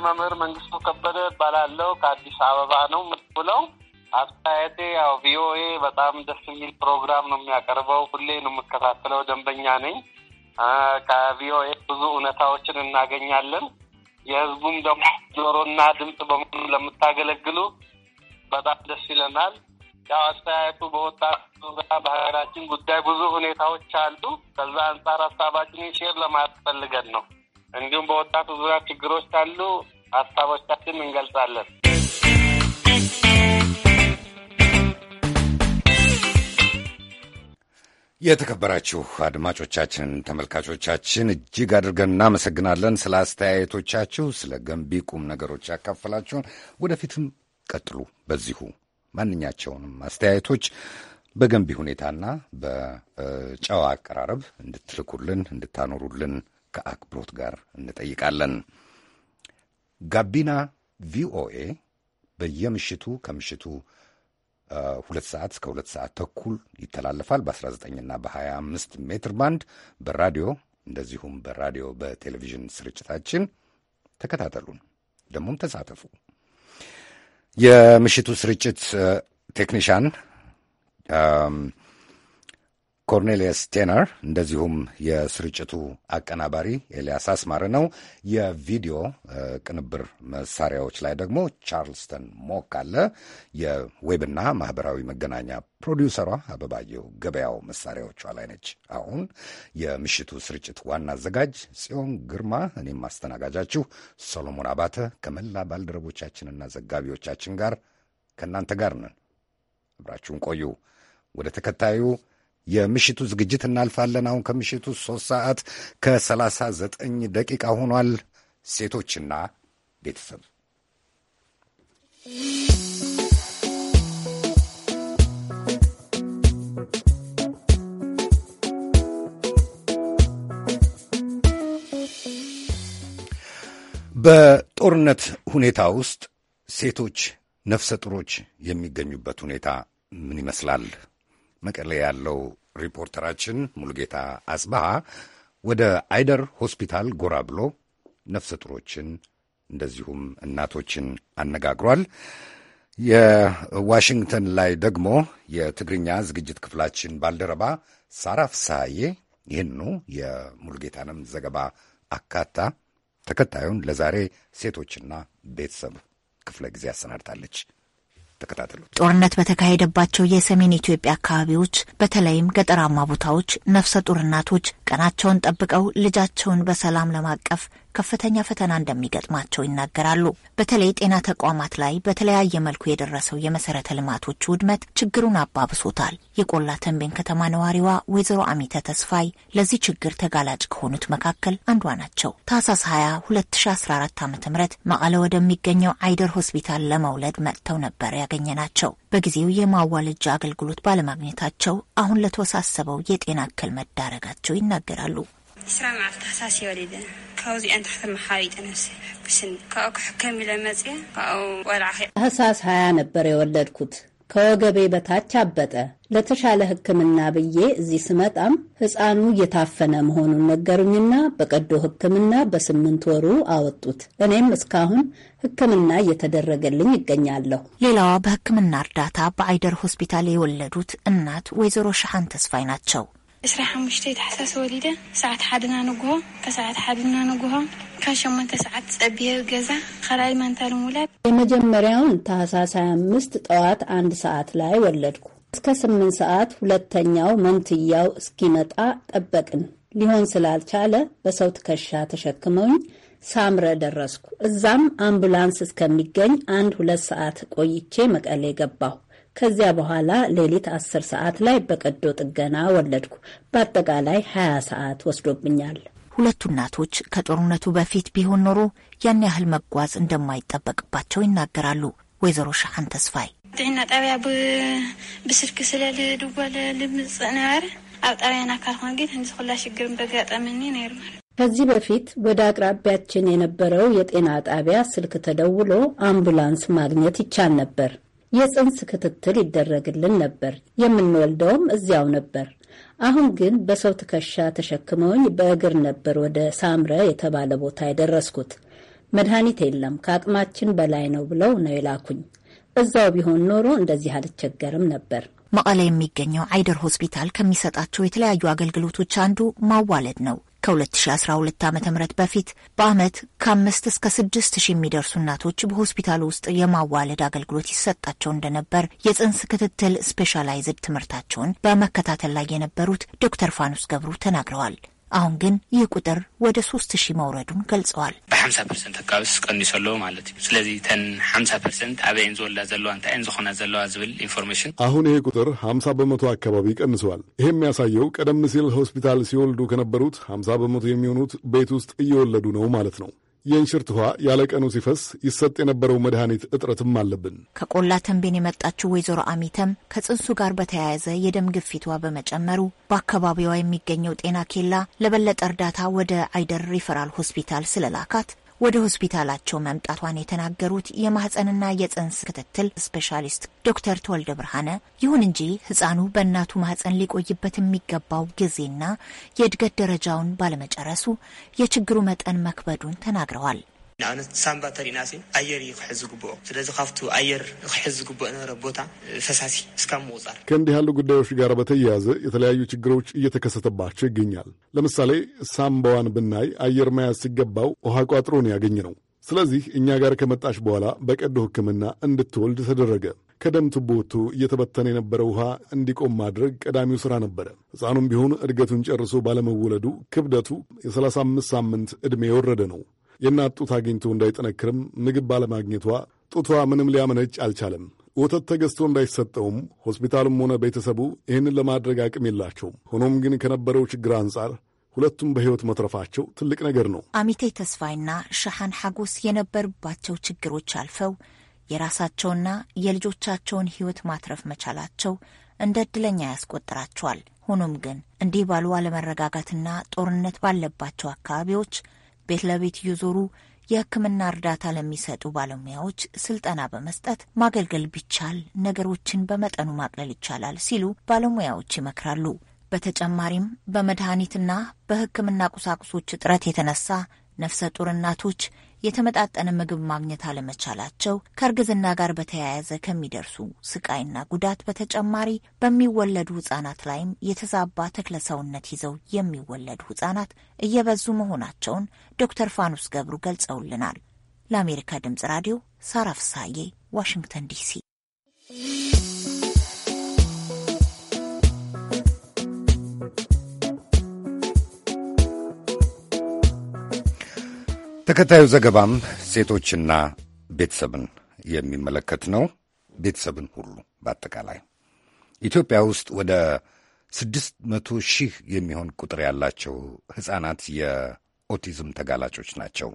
መምህር መንግስቱ ከበደ እባላለሁ። ከአዲስ አበባ ነው ምትውለው። አስተያየቴ ያው ቪኦኤ በጣም ደስ የሚል ፕሮግራም ነው የሚያቀርበው። ሁሌ ነው የምከታተለው፣ ደንበኛ ነኝ። ከቪኦኤ ብዙ እውነታዎችን እናገኛለን። የህዝቡም ደግሞ ጆሮና ድምፅ በመሆኑ ለምታገለግሉ በጣም ደስ ይለናል። ያው አስተያየቱ በወጣቱ በሀገራችን ጉዳይ ብዙ ሁኔታዎች አሉ። ከዛ አንጻር ሀሳባችንን ሼር ለማያስፈልገን ነው። እንዲሁም በወጣቱ ዙሪያ ችግሮች ካሉ ሀሳቦቻችን እንገልጻለን። የተከበራችሁ አድማጮቻችን፣ ተመልካቾቻችን እጅግ አድርገን እናመሰግናለን ስለ አስተያየቶቻችሁ፣ ስለ ገንቢ ቁም ነገሮች ያካፈላችሁን። ወደፊትም ቀጥሉ። በዚሁ ማንኛቸውንም አስተያየቶች በገንቢ ሁኔታና በጨዋ አቀራረብ እንድትልኩልን እንድታኖሩልን ከአክብሮት ጋር እንጠይቃለን። ጋቢና ቪኦኤ በየምሽቱ ከምሽቱ ሁለት ሰዓት እስከ ሁለት ሰዓት ተኩል ይተላለፋል በ19ና በ25 ሜትር ባንድ በራዲዮ እንደዚሁም በራዲዮ በቴሌቪዥን ስርጭታችን ተከታተሉን፣ ደግሞም ተሳተፉ። የምሽቱ ስርጭት ቴክኒሽያን። ኮርኔሊየስ ቴነር እንደዚሁም የስርጭቱ አቀናባሪ ኤልያስ አስማረ ነው። የቪዲዮ ቅንብር መሳሪያዎች ላይ ደግሞ ቻርልስተን ሞክ አለ። የዌብና ማህበራዊ መገናኛ ፕሮዲውሰሯ አበባየው ገበያው መሳሪያዎቿ ላይ ነች። አሁን የምሽቱ ስርጭት ዋና አዘጋጅ ጽዮን ግርማ፣ እኔም አስተናጋጃችሁ ሰሎሞን አባተ ከመላ ባልደረቦቻችንና ዘጋቢዎቻችን ጋር ከእናንተ ጋር ነን። አብራችሁን ቆዩ። ወደ ተከታዩ የምሽቱ ዝግጅት እናልፋለን። አሁን ከምሽቱ ሶስት ሰዓት ከሰላሳ ዘጠኝ ደቂቃ ሆኗል። ሴቶችና ቤተሰብ በጦርነት ሁኔታ ውስጥ ሴቶች ነፍሰ ጡሮች የሚገኙበት ሁኔታ ምን ይመስላል? መቀሌ ያለው ሪፖርተራችን ሙሉጌታ አጽባሃ ወደ አይደር ሆስፒታል ጎራ ብሎ ነፍሰ ጡሮችን እንደዚሁም እናቶችን አነጋግሯል። የዋሽንግተን ላይ ደግሞ የትግርኛ ዝግጅት ክፍላችን ባልደረባ ሳራ ፍሳዬ ይህኑ የሙሉጌታንም ዘገባ አካታ ተከታዩን ለዛሬ ሴቶችና ቤተሰብ ክፍለ ጊዜ አሰናድታለች። ተከታተሉ። ጦርነት በተካሄደባቸው የሰሜን ኢትዮጵያ አካባቢዎች በተለይም ገጠራማ ቦታዎች ነፍሰ ጡር እናቶች ቀናቸውን ጠብቀው ልጃቸውን በሰላም ለማቀፍ ከፍተኛ ፈተና እንደሚገጥማቸው ይናገራሉ። በተለይ ጤና ተቋማት ላይ በተለያየ መልኩ የደረሰው የመሰረተ ልማቶች ውድመት ችግሩን አባብሶታል። የቆላ ተንቤን ከተማ ነዋሪዋ ወይዘሮ አሚተ ተስፋይ ለዚህ ችግር ተጋላጭ ከሆኑት መካከል አንዷ ናቸው። ታህሳስ 20 2014 ዓ ም መቀለ ወደሚገኘው አይደር ሆስፒታል ለመውለድ መጥተው ነበር ያገኘ ናቸው። በጊዜው የማዋለጃ አገልግሎት ባለማግኘታቸው አሁን ለተወሳሰበው የጤና እክል መዳረጋቸው ይናገራሉ። ዕስራ መዓልቲ ታሕሳስ ወሊደ ካብዚአን ታሕተ መሓሪጠ ነፍሲ ብስኒ ካብኡ ክሕከም ኢለ መፅየ ካብኡ ወልዓ ታሕሳስ ሃያ ነበር የወለድኩት። ከወገቤ በታች አበጠ። ለተሻለ ሕክምና ብዬ እዚህ ስመጣም ሕፃኑ እየታፈነ መሆኑን ነገሩኝና በቀዶ ሕክምና በስምንት ወሩ አወጡት። እኔም እስካሁን ሕክምና እየተደረገልኝ ይገኛለሁ። ሌላዋ በሕክምና እርዳታ በአይደር ሆስፒታል የወለዱት እናት ወይዘሮ ሻሃን ተስፋይ ናቸው። እስራ ሓሙሽተ ተሓሳስ ወሊደ ሰዓት ሓደና ንጉሆ ከሰዓት ሓደና ንጉሆ ካብ ሸሞንተ ሰዓት ፀቢየ ገዛ ካልኣይ ማንታ የመጀመርያውን የመጀመሪያውን 2 25 ጠዋት አንድ ሰዓት ላይ ወለድኩ። እስከ 8 ሰዓት ሁለተኛው መንትያው እስኪመጣ ጠበቅን። ሊሆን ስላልቻለ በሰው ትከሻ ተሸክመውኝ ሳምረ ደረስኩ። እዛም አምቡላንስ እስከሚገኝ አንድ ሁለት ሰዓት ቆይቼ መቀሌ ገባሁ። ከዚያ በኋላ ሌሊት 10 ሰዓት ላይ በቀዶ ጥገና ወለድኩ። በአጠቃላይ 20 ሰዓት ወስዶብኛል። ሁለቱ እናቶች ከጦርነቱ በፊት ቢሆን ኖሮ ያን ያህል መጓዝ እንደማይጠበቅባቸው ይናገራሉ። ወይዘሮ ሻሃን ተስፋይ ጥዕና ጣብያ ብስልክ ስለልድወለ ልምፅ ነበረ ኣብ ኣካል ኮን ግን ህንዚ ኩላ ሽግርን በጋጠመኒ ነይሩ ማለት ከዚህ በፊት ወደ አቅራቢያችን የነበረው የጤና ጣቢያ ስልክ ተደውሎ አምቡላንስ ማግኘት ይቻል ነበር። የጽንስ ክትትል ይደረግልን ነበር። የምንወልደውም እዚያው ነበር። አሁን ግን በሰው ትከሻ ተሸክመውኝ በእግር ነበር ወደ ሳምረ የተባለ ቦታ የደረስኩት። መድኃኒት የለም ከአቅማችን በላይ ነው ብለው ነው የላኩኝ። እዛው ቢሆን ኖሮ እንደዚህ አልቸገርም ነበር። መቀለ የሚገኘው አይደር ሆስፒታል ከሚሰጣቸው የተለያዩ አገልግሎቶች አንዱ ማዋለድ ነው። ከ2012 ዓ ም በፊት በአመት ከአምስት እስከ ስድስት ሺህ የሚደርሱ እናቶች በሆስፒታሉ ውስጥ የማዋለድ አገልግሎት ይሰጣቸው እንደነበር የጽንስ ክትትል ስፔሻላይዝድ ትምህርታቸውን በመከታተል ላይ የነበሩት ዶክተር ፋኑስ ገብሩ ተናግረዋል። አሁን ግን ይህ ቁጥር ወደ ሶስት ሺህ መውረዱን ገልጸዋል። ብሓምሳ ፐርሰንት ኣካባቢ ቀኒሰለዎ ማለት እዩ ስለዚ ተን ሓምሳ ፐርሰንት ኣበየን ዝወላ ዘለዋ እንታይን ዝኾና ዘለዋ ዝብል ኢንፎርሜሽን አሁን ይሄ ቁጥር ሓምሳ በመቶ አካባቢ ቀንሰዋል። ይህ የሚያሳየው ቀደም ሲል ሆስፒታል ሲወልዱ ከነበሩት ሓምሳ በመቶ የሚሆኑት ቤት ውስጥ እየወለዱ ነው ማለት ነው። የእንሽርት ውሃ ያለቀኑ ሲፈስ ይሰጥ የነበረው መድኃኒት እጥረትም አለብን። ከቆላ ተንቤን የመጣችው ወይዘሮ አሚተም ከጽንሱ ጋር በተያያዘ የደም ግፊቷ በመጨመሩ በአካባቢዋ የሚገኘው ጤና ኬላ ለበለጠ እርዳታ ወደ አይደር ሪፈራል ሆስፒታል ስለላካት ወደ ሆስፒታላቸው መምጣቷን የተናገሩት የማህፀንና የጽንስ ክትትል ስፔሻሊስት ዶክተር ተወልደ ብርሃነ፣ ይሁን እንጂ ህፃኑ በእናቱ ማህፀን ሊቆይበት የሚገባው ጊዜና የእድገት ደረጃውን ባለመጨረሱ የችግሩ መጠን መክበዱን ተናግረዋል። ንኣብነት ሳምባ ተሪናሲ ኣየር እዩ ክሕዝ ዝግብኦ ስለዚ ካብቲ ኣየር ክሕዝ ዝግብኦ ነበረ ቦታ ፈሳሲ እስካብ ምቁፃር ከእንዲህ ያሉ ጉዳዮች ጋር በተያያዘ የተለያዩ ችግሮች እየተከሰተባቸው ይገኛል። ለምሳሌ ሳምባዋን ብናይ አየር መያዝ ሲገባው ውሃ ቋጥሮን ያገኝ ነው። ስለዚህ እኛ ጋር ከመጣች በኋላ በቀዶ ሕክምና እንድትወልድ ተደረገ። ከደም ቱቦቱ እየተበተነ የነበረ ውሃ እንዲቆም ማድረግ ቀዳሚው ሥራ ነበረ። ሕፃኑም ቢሆን እድገቱን ጨርሶ ባለመወለዱ ክብደቱ የ35 ሳምንት ዕድሜ የወረደ ነው። የእናት ጡት አግኝቶ እንዳይጠነክርም ምግብ ባለማግኘቷ ጡቷ ምንም ሊያመነጭ አልቻለም። ወተት ተገዝቶ እንዳይሰጠውም ሆስፒታሉም ሆነ ቤተሰቡ ይህንን ለማድረግ አቅም የላቸውም። ሆኖም ግን ከነበረው ችግር አንጻር ሁለቱም በሕይወት መትረፋቸው ትልቅ ነገር ነው። አሚቴ ተስፋይና ሻሐን ሐጎስ የነበሩባቸው ችግሮች አልፈው የራሳቸውና የልጆቻቸውን ሕይወት ማትረፍ መቻላቸው እንደ ዕድለኛ ያስቆጥራቸዋል። ሆኖም ግን እንዲህ ባሉ አለመረጋጋትና ጦርነት ባለባቸው አካባቢዎች ቤት ለቤት እየዞሩ የሕክምና እርዳታ ለሚሰጡ ባለሙያዎች ስልጠና በመስጠት ማገልገል ቢቻል ነገሮችን በመጠኑ ማቅለል ይቻላል ሲሉ ባለሙያዎች ይመክራሉ። በተጨማሪም በመድኃኒትና በሕክምና ቁሳቁሶች እጥረት የተነሳ ነፍሰ ጡር እናቶች የተመጣጠነ ምግብ ማግኘት አለመቻላቸው ከእርግዝና ጋር በተያያዘ ከሚደርሱ ስቃይና ጉዳት በተጨማሪ በሚወለዱ ህጻናት ላይም የተዛባ ተክለ ሰውነት ይዘው የሚወለዱ ህጻናት እየበዙ መሆናቸውን ዶክተር ፋኑስ ገብሩ ገልጸውልናል። ለአሜሪካ ድምጽ ራዲዮ ሳራ ፍሳዬ ዋሽንግተን ዲሲ ተከታዩ ዘገባም ሴቶችና ቤተሰብን የሚመለከት ነው። ቤተሰብን ሁሉ በአጠቃላይ ኢትዮጵያ ውስጥ ወደ ስድስት መቶ ሺህ የሚሆን ቁጥር ያላቸው ሕፃናት የኦቲዝም ተጋላጮች ናቸው።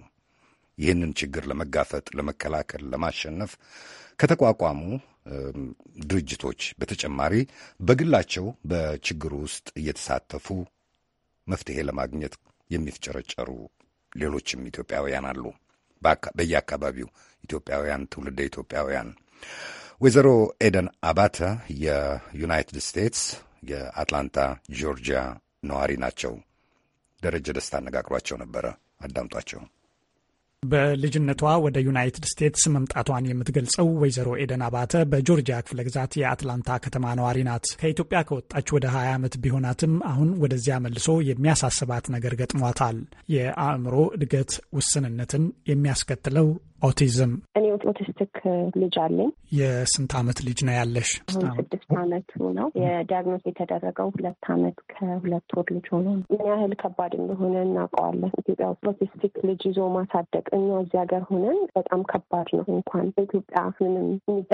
ይህንን ችግር ለመጋፈጥ፣ ለመከላከል፣ ለማሸነፍ ከተቋቋሙ ድርጅቶች በተጨማሪ በግላቸው በችግሩ ውስጥ እየተሳተፉ መፍትሄ ለማግኘት የሚፍጨረጨሩ ሌሎችም ኢትዮጵያውያን አሉ። በየአካባቢው ኢትዮጵያውያን፣ ትውልደ ኢትዮጵያውያን። ወይዘሮ ኤደን አባተ የዩናይትድ ስቴትስ የአትላንታ ጆርጂያ ነዋሪ ናቸው። ደረጀ ደስታ አነጋግሯቸው ነበረ። አዳምጧቸው። በልጅነቷ ወደ ዩናይትድ ስቴትስ መምጣቷን የምትገልጸው ወይዘሮ ኤደን አባተ በጆርጂያ ክፍለ ግዛት የአትላንታ ከተማ ነዋሪ ናት። ከኢትዮጵያ ከወጣች ወደ 20 ዓመት ቢሆናትም አሁን ወደዚያ መልሶ የሚያሳስባት ነገር ገጥሟታል። የአእምሮ እድገት ውስንነትን የሚያስከትለው ኦቲዝም እኔ ኦቲስቲክ ልጅ አለኝ። የስንት አመት ልጅ ነው ያለሽ? ስድስት አመቱ ነው። የዲያግኖስ የተደረገው ሁለት አመት ከሁለት ወር ልጅ ሆኖ ምን ያህል ከባድ እንደሆነ እናውቀዋለን። ኢትዮጵያ ውስጥ ኦቲስቲክ ልጅ ይዞ ማሳደግ እኛ እዚህ ሀገር ሆነን በጣም ከባድ ነው። እንኳን በኢትዮጵያ ምንም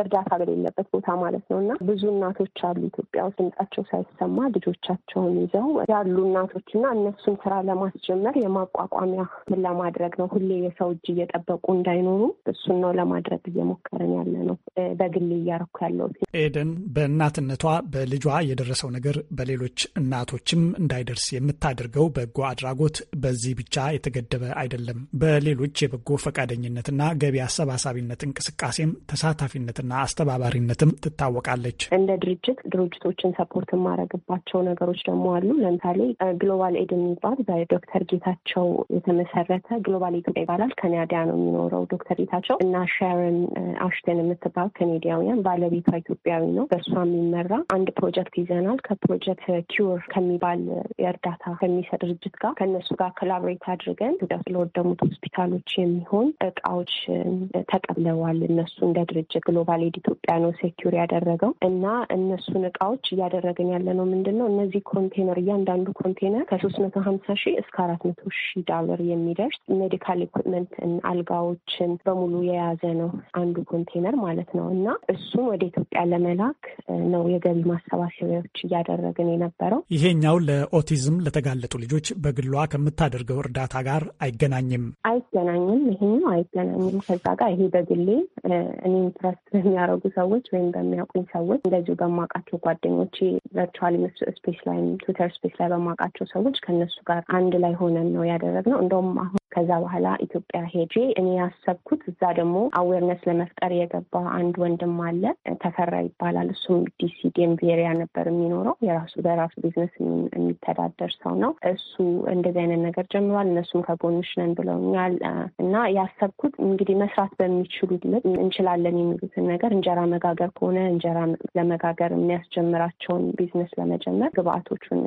እርዳታ በሌለበት ቦታ ማለት ነው እና ብዙ እናቶች አሉ ኢትዮጵያ ውስጥ ድምጻቸው ሳይሰማ ልጆቻቸውን ይዘው ያሉ እናቶች እና እነሱን ስራ ለማስጀመር የማቋቋሚያ ምን ለማድረግ ነው ሁሌ የሰው እጅ እየጠበቁ እንዳይኖ በመኖሩ እሱን ነው ለማድረግ እየሞከረን ያለ ነው። በግሌ እያረኩ ያለው ኤደን በእናትነቷ በልጇ የደረሰው ነገር በሌሎች እናቶችም እንዳይደርስ የምታደርገው በጎ አድራጎት በዚህ ብቻ የተገደበ አይደለም። በሌሎች የበጎ ፈቃደኝነትና ገቢ አሰባሳቢነት እንቅስቃሴም ተሳታፊነትና አስተባባሪነትም ትታወቃለች። እንደ ድርጅት ድርጅቶችን ሰፖርት የማረግባቸው ነገሮች ደግሞ አሉ። ለምሳሌ ግሎባል ኤድ የሚባል በዶክተር ጌታቸው የተመሰረተ ግሎባል ኢትዮጵያ ይባላል። ከኒያዲያ ነው የሚኖረው ዶክተሬታቸው እና ሸርን አሽተን የምትባል ከኔዲያውያን ባለቤቷ ኢትዮጵያዊ ነው። በእርሷ የሚመራ አንድ ፕሮጀክት ይዘናል። ከፕሮጀክት ኪውር ከሚባል የእርዳታ ከሚሰጥ ድርጅት ጋር ከእነሱ ጋር ኮላቦሬት አድርገን ጉዳት ለወደሙት ሆስፒታሎች የሚሆን እቃዎች ተቀብለዋል። እነሱ እንደ ድርጅት ግሎባል ኤድ ኢትዮጵያ ነው ሴኪር ያደረገው እና እነሱን እቃዎች እያደረገን ያለ ነው ምንድን ነው እነዚህ ኮንቴነር እያንዳንዱ ኮንቴነር ከሶስት መቶ ሀምሳ ሺህ እስከ አራት መቶ ሺህ ዳለር የሚደርስ ሜዲካል ኢኩፕመንትን፣ አልጋዎችን፣ በሙሉ የያዘ ነው አንዱ ኮንቴነር ማለት ነው። እና እሱን ወደ ኢትዮጵያ ለመላክ ነው የገቢ ማሰባሰቢያዎች እያደረግን የነበረው። ይሄኛው ለኦቲዝም ለተጋለጡ ልጆች በግሏ ከምታደርገው እርዳታ ጋር አይገናኝም አይገናኝም። ይሄኛው አይገናኝም ከዛ ጋር ይሄ በግሌ እኔ ኢንትረስት በሚያደርጉ ሰዎች ወይም በሚያውቁኝ ሰዎች እንደዚሁ በማውቃቸው ጓደኞቼ ቨርቹዋል ስፔስ ላይ ትዊተር ስፔስ ላይ በማውቃቸው ሰዎች ከነሱ ጋር አንድ ላይ ሆነን ነው ያደረግነው። እንደውም አሁን ከዛ በኋላ ኢትዮጵያ ሄጄ እኔ ያሰብኩት እዛ ደግሞ አዌርነስ ለመፍጠር የገባ አንድ ወንድም አለ ተፈራ ይባላል። እሱም ዲሲ ዴንቪ ኤሪያ ነበር የሚኖረው የራሱ በራሱ ቢዝነስ የሚተዳደር ሰው ነው። እሱ እንደዚህ አይነት ነገር ጀምሯል። እነሱም ከጎንሽ ነን ብለውኛል እና ያሰብኩት እንግዲህ መስራት በሚችሉት ልክ እንችላለን የሚሉትን ነገር እንጀራ መጋገር ከሆነ እንጀራ ለመጋገር የሚያስጀምራቸውን ቢዝነስ ለመጀመር ግብአቶቹን፣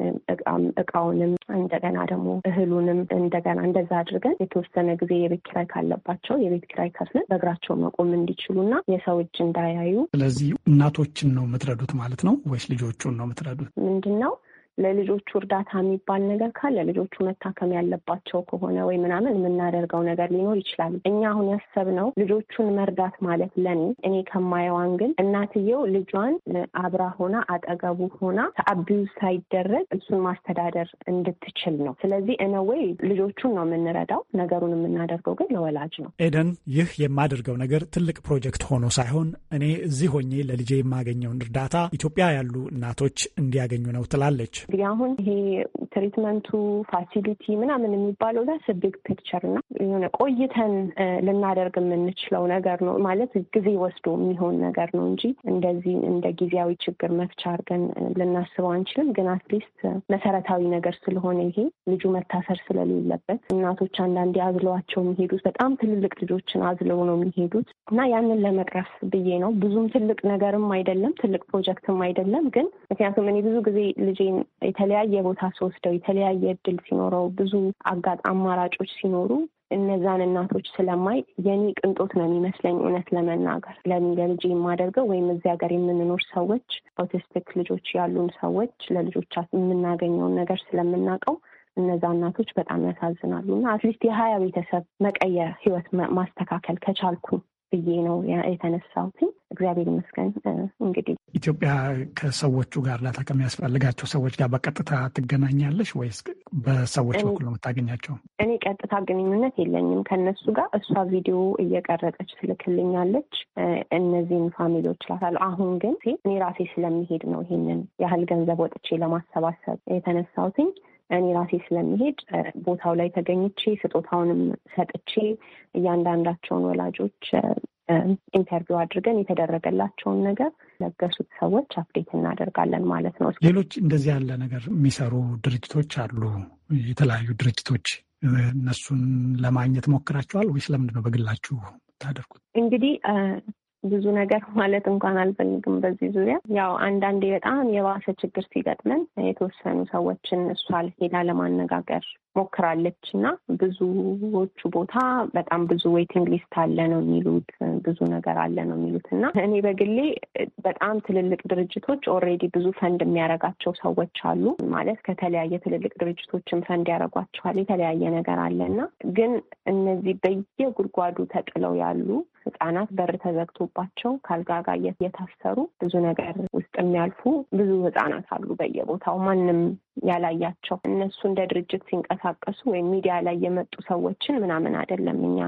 እቃውንም እንደገና ደግሞ እህሉንም እንደገና እንደዛ አድርገን የተወሰነ ጊዜ የቤት ኪራይ ካለባቸው የቤት ኪራይ ከፍለን በእግራቸው መቆም እንዲችሉና የሰው እጅ እንዳያዩ። ስለዚህ እናቶችን ነው የምትረዱት ማለት ነው ወይስ ልጆቹን ነው የምትረዱት? ምንድን ነው ለልጆቹ እርዳታ የሚባል ነገር ካለ ልጆቹ መታከም ያለባቸው ከሆነ ወይ ምናምን የምናደርገው ነገር ሊኖር ይችላል። እኛ አሁን ያሰብነው ልጆቹን መርዳት ማለት ለኔ እኔ ከማየው ግን እናትየው ልጇን አብራ ሆና አጠገቡ ሆና አቢዩዝ ሳይደረግ እሱን ማስተዳደር እንድትችል ነው። ስለዚህ እነወይ ልጆቹን ነው የምንረዳው። ነገሩን የምናደርገው ግን ለወላጅ ነው። ኤደን፣ ይህ የማደርገው ነገር ትልቅ ፕሮጀክት ሆኖ ሳይሆን እኔ እዚህ ሆኜ ለልጄ የማገኘውን እርዳታ ኢትዮጵያ ያሉ እናቶች እንዲያገኙ ነው ትላለች። እንግዲህ አሁን ይሄ ትሪትመንቱ ፋሲሊቲ ምናምን የሚባለው ዳስ ቢግ ፒክቸር እና የሆነ ቆይተን ልናደርግ የምንችለው ነገር ነው ማለት ጊዜ ወስዶ የሚሆን ነገር ነው እንጂ እንደዚህ እንደ ጊዜያዊ ችግር መፍቻ አድርገን ልናስበው አንችልም። ግን አትሊስት መሰረታዊ ነገር ስለሆነ ይሄ ልጁ መታሰር ስለሌለበት እናቶች አንዳንዴ አዝለዋቸው የሚሄዱት በጣም ትልልቅ ልጆችን አዝለው ነው የሚሄዱት እና ያንን ለመቅረፍ ብዬ ነው። ብዙም ትልቅ ነገርም አይደለም፣ ትልቅ ፕሮጀክትም አይደለም። ግን ምክንያቱም እኔ ብዙ ጊዜ ልጄን የተለያየ ቦታ ስወስደው የተለያየ እድል ሲኖረው ብዙ አጋጥ አማራጮች ሲኖሩ እነዛን እናቶች ስለማይ የኔ ቅንጦት ነው የሚመስለኝ። እውነት ለመናገር ለኔ ለልጄ የማደርገው ወይም እዚህ ሀገር የምንኖር ሰዎች ኦቲስቲክ ልጆች ያሉን ሰዎች ለልጆቻት የምናገኘውን ነገር ስለምናውቀው እነዛ እናቶች በጣም ያሳዝናሉ እና አትሊስት የሀያ ቤተሰብ መቀየር ህይወት ማስተካከል ከቻልኩ ብዬ ነው የተነሳሁትኝ። እግዚአብሔር ይመስገን። እንግዲህ ኢትዮጵያ ከሰዎቹ ጋር እርዳታ ከሚያስፈልጋቸው ሰዎች ጋር በቀጥታ ትገናኛለሽ ወይስ በሰዎች በኩል ነው የምታገኛቸው? እኔ ቀጥታ ግንኙነት የለኝም ከነሱ ጋር። እሷ ቪዲዮ እየቀረጸች ትልክልኛለች። እነዚህን ፋሚሊዎች እላታለሁ። አሁን ግን እኔ ራሴ ስለሚሄድ ነው ይሄንን ያህል ገንዘብ ወጥቼ ለማሰባሰብ የተነሳሁትኝ። እኔ ራሴ ስለሚሄድ ቦታው ላይ ተገኝቼ ስጦታውንም ሰጥቼ እያንዳንዳቸውን ወላጆች ኢንተርቪው አድርገን የተደረገላቸውን ነገር ለገሱት ሰዎች አፕዴት እናደርጋለን ማለት ነው። ሌሎች እንደዚህ ያለ ነገር የሚሰሩ ድርጅቶች አሉ፣ የተለያዩ ድርጅቶች እነሱን ለማግኘት ሞክራቸዋል ወይስ ለምንድን ነው በግላችሁ ታደርጉት? እንግዲህ ብዙ ነገር ማለት እንኳን አልፈልግም በዚህ ዙሪያ። ያው አንዳንዴ በጣም የባሰ ችግር ሲገጥመን የተወሰኑ ሰዎችን እሷ ሄዳ ለማነጋገር ሞክራለች እና ብዙዎቹ ቦታ በጣም ብዙ ዌይቲንግ ሊስት አለ ነው የሚሉት፣ ብዙ ነገር አለ ነው የሚሉት እና እኔ በግሌ በጣም ትልልቅ ድርጅቶች ኦልሬዲ ብዙ ፈንድ የሚያደርጋቸው ሰዎች አሉ ማለት ከተለያየ ትልልቅ ድርጅቶችም ፈንድ ያደርጓቸዋል። የተለያየ ነገር አለ እና ግን እነዚህ በየጉድጓዱ ተጥለው ያሉ ህጻናት በር ተዘግቶባቸው ካልጋጋየት ጋር እየታሰሩ ብዙ ነገር ውስጥ የሚያልፉ ብዙ ህጻናት አሉ በየቦታው ማንም ያላያቸው እነሱ እንደ ድርጅት ሲንቀሳቀሱ ወይም ሚዲያ ላይ የመጡ ሰዎችን ምናምን አይደለም እኛ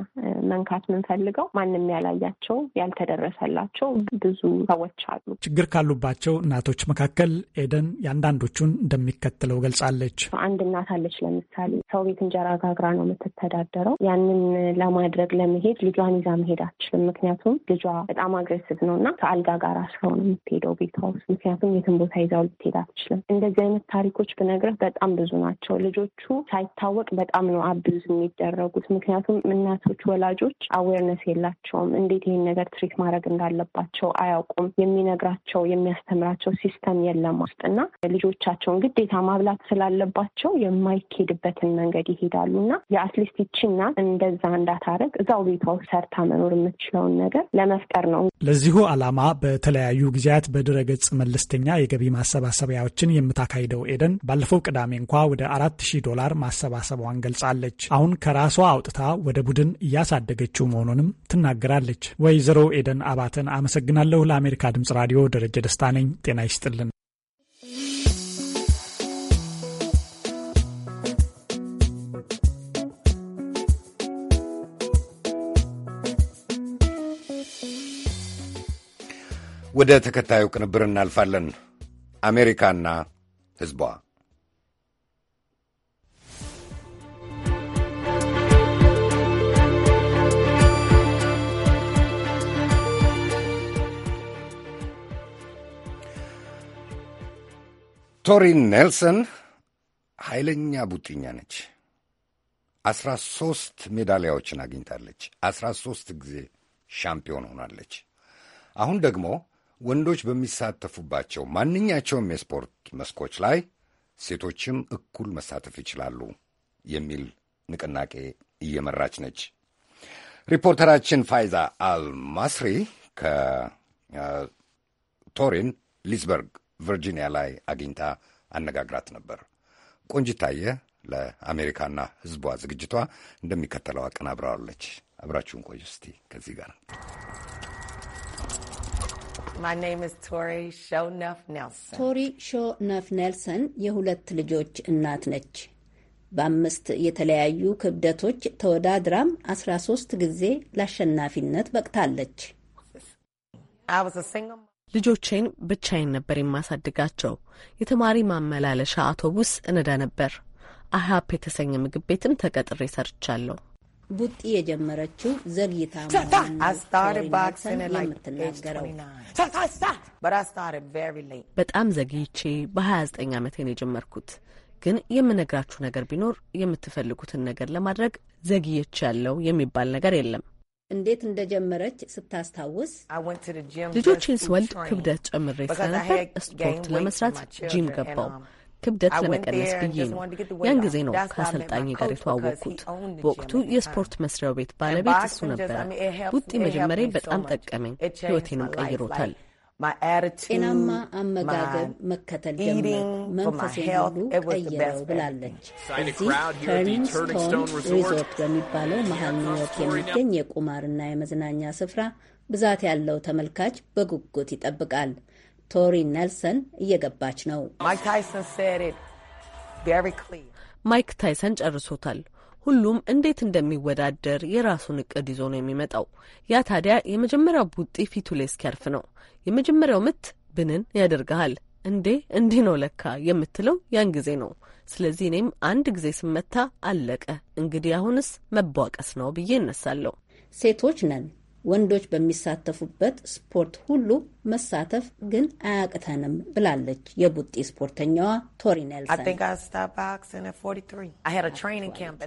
መንካት የምንፈልገው። ማንም ያላያቸው ያልተደረሰላቸው ብዙ ሰዎች አሉ። ችግር ካሉባቸው እናቶች መካከል ኤደን የአንዳንዶቹን እንደሚከተለው ገልጻለች። አንድ እናት አለች ለምሳሌ ሰው ቤት እንጀራ ጋግራ ነው የምትተዳደረው። ያንን ለማድረግ ለመሄድ ልጇን ይዛ መሄድ አትችልም። ምክንያቱም ልጇ በጣም አግሬሲቭ ነው እና ከአልጋ ጋር አስረው ነው የምትሄደው ቤቷ ውስጥ። ምክንያቱም የትን ቦታ ይዛው ልትሄድ አትችልም። እንደዚህ አይነት ታሪኮች ብነግርህ በጣም ብዙ ናቸው። ልጆቹ ሳይታወቅ በጣም ነው አብዝ የሚደረጉት። ምክንያቱም እናቶች፣ ወላጆች አዌርነስ የላቸውም። እንዴት ይህን ነገር ትሪት ማድረግ እንዳለባቸው አያውቁም። የሚነግራቸው የሚያስተምራቸው ሲስተም የለም ውስጥ እና ልጆቻቸውን ግዴታ ማብላት ስላለባቸው የማይኬድበትን መንገድ ይሄዳሉ እና የአትሊስት ይችና እንደዛ እንዳታረግ እዛው ቤቷ ሰርታ መኖር የምችለውን ነገር ለመፍጠር ነው። ለዚሁ አላማ በተለያዩ ጊዜያት በድረገጽ መለስተኛ የገቢ ማሰባሰቢያዎችን የምታካሂደው ኤደን ባለፈው ቅዳሜ እንኳ ወደ 4000 ዶላር ማሰባሰቧን ገልጻለች። አሁን ከራሷ አውጥታ ወደ ቡድን እያሳደገችው መሆኑንም ትናገራለች። ወይዘሮ ኤደን አባተን አመሰግናለሁ። ለአሜሪካ ድምጽ ራዲዮ ደረጀ ደስታ ነኝ። ጤና ይስጥልን። ወደ ተከታዩ ቅንብር እናልፋለን። አሜሪካና ሕዝቧ ቶሪ ኔልሰን ኃይለኛ ቡጢኛ ነች። አስራ ሶስት ሜዳሊያዎችን አግኝታለች። አስራ ሦስት ጊዜ ሻምፒዮን ሆናለች። አሁን ደግሞ ወንዶች በሚሳተፉባቸው ማንኛቸውም የስፖርት መስኮች ላይ ሴቶችም እኩል መሳተፍ ይችላሉ የሚል ንቅናቄ እየመራች ነች። ሪፖርተራችን ፋይዛ አልማስሪ ከቶሪን ሊስበርግ ቨርጂኒያ ላይ አግኝታ አነጋግራት ነበር። ቆንጅታየ ለአሜሪካና ሕዝቧ ዝግጅቷ እንደሚከተለው አቀናብረዋለች። አብራችሁን ቆዩ እስቲ ከዚህ ጋር ቶሪ ሾ ነፍ ኔልሰን የሁለት ልጆች እናት ነች። በአምስት የተለያዩ ክብደቶች ተወዳድራም 13 ጊዜ ለአሸናፊነት በቅታለች። ልጆቼን ብቻዬን ነበር የማሳድጋቸው። የተማሪ ማመላለሻ አውቶቡስ እነዳ ነበር። አሀፕ የተሰኘ ምግብ ቤትም ተቀጥሬ ሰርቻለሁ። ቡጢ የጀመረችው ዘግይታ የምትናገረው በጣም ዘግይቼ በ29 ዓመቴን የጀመርኩት ግን የምነግራችሁ ነገር ቢኖር የምትፈልጉትን ነገር ለማድረግ ዘግየች ያለው የሚባል ነገር የለም። እንዴት እንደጀመረች ስታስታውስ ልጆችን ስወልድ ክብደት ጨምሬ ስለነበር ስፖርት ለመስራት ጂም ገባው um, ክብደት ለመቀነስ ብዬ ነው። ያን ጊዜ ነው ከአሰልጣኝ ጋር የተዋወቅኩት። በወቅቱ የስፖርት መስሪያው ቤት ባለቤት እሱ ነበረ። ቡጢ መጀመሪያ በጣም ጠቀመኝ፣ ህይወቴንም ቀይሮታል። ጤናማ አመጋገብ መከተል ጀመርኩ። መንፈሴን ሁሉ ቀየረው ብላለች። እዚህ ተርኒንግ ስቶን ሪዞርት በሚባለው መሀል ኒውዮርክ የሚገኝ የቁማርና የመዝናኛ ስፍራ ብዛት ያለው ተመልካች በጉጉት ይጠብቃል። ቶሪ ኔልሰን እየገባች ነው። ማይክ ታይሰን ጨርሶታል። ሁሉም እንዴት እንደሚወዳደር የራሱን እቅድ ይዞ ነው የሚመጣው። ያ ታዲያ የመጀመሪያው ቡጢ ፊቱ ላይ እስኪያርፍ ነው። የመጀመሪያው ምት ብንን ያደርግሃል። እንዴ እንዲህ ነው ለካ የምትለው ያን ጊዜ ነው። ስለዚህ እኔም አንድ ጊዜ ስመታ አለቀ፣ እንግዲህ አሁንስ መቧቀስ ነው ብዬ እነሳለሁ። ሴቶች ነን ወንዶች በሚሳተፉበት ስፖርት ሁሉ መሳተፍ ግን አያቅተንም ብላለች የቡጢ ስፖርተኛዋ ቶሪ ኔልሰን።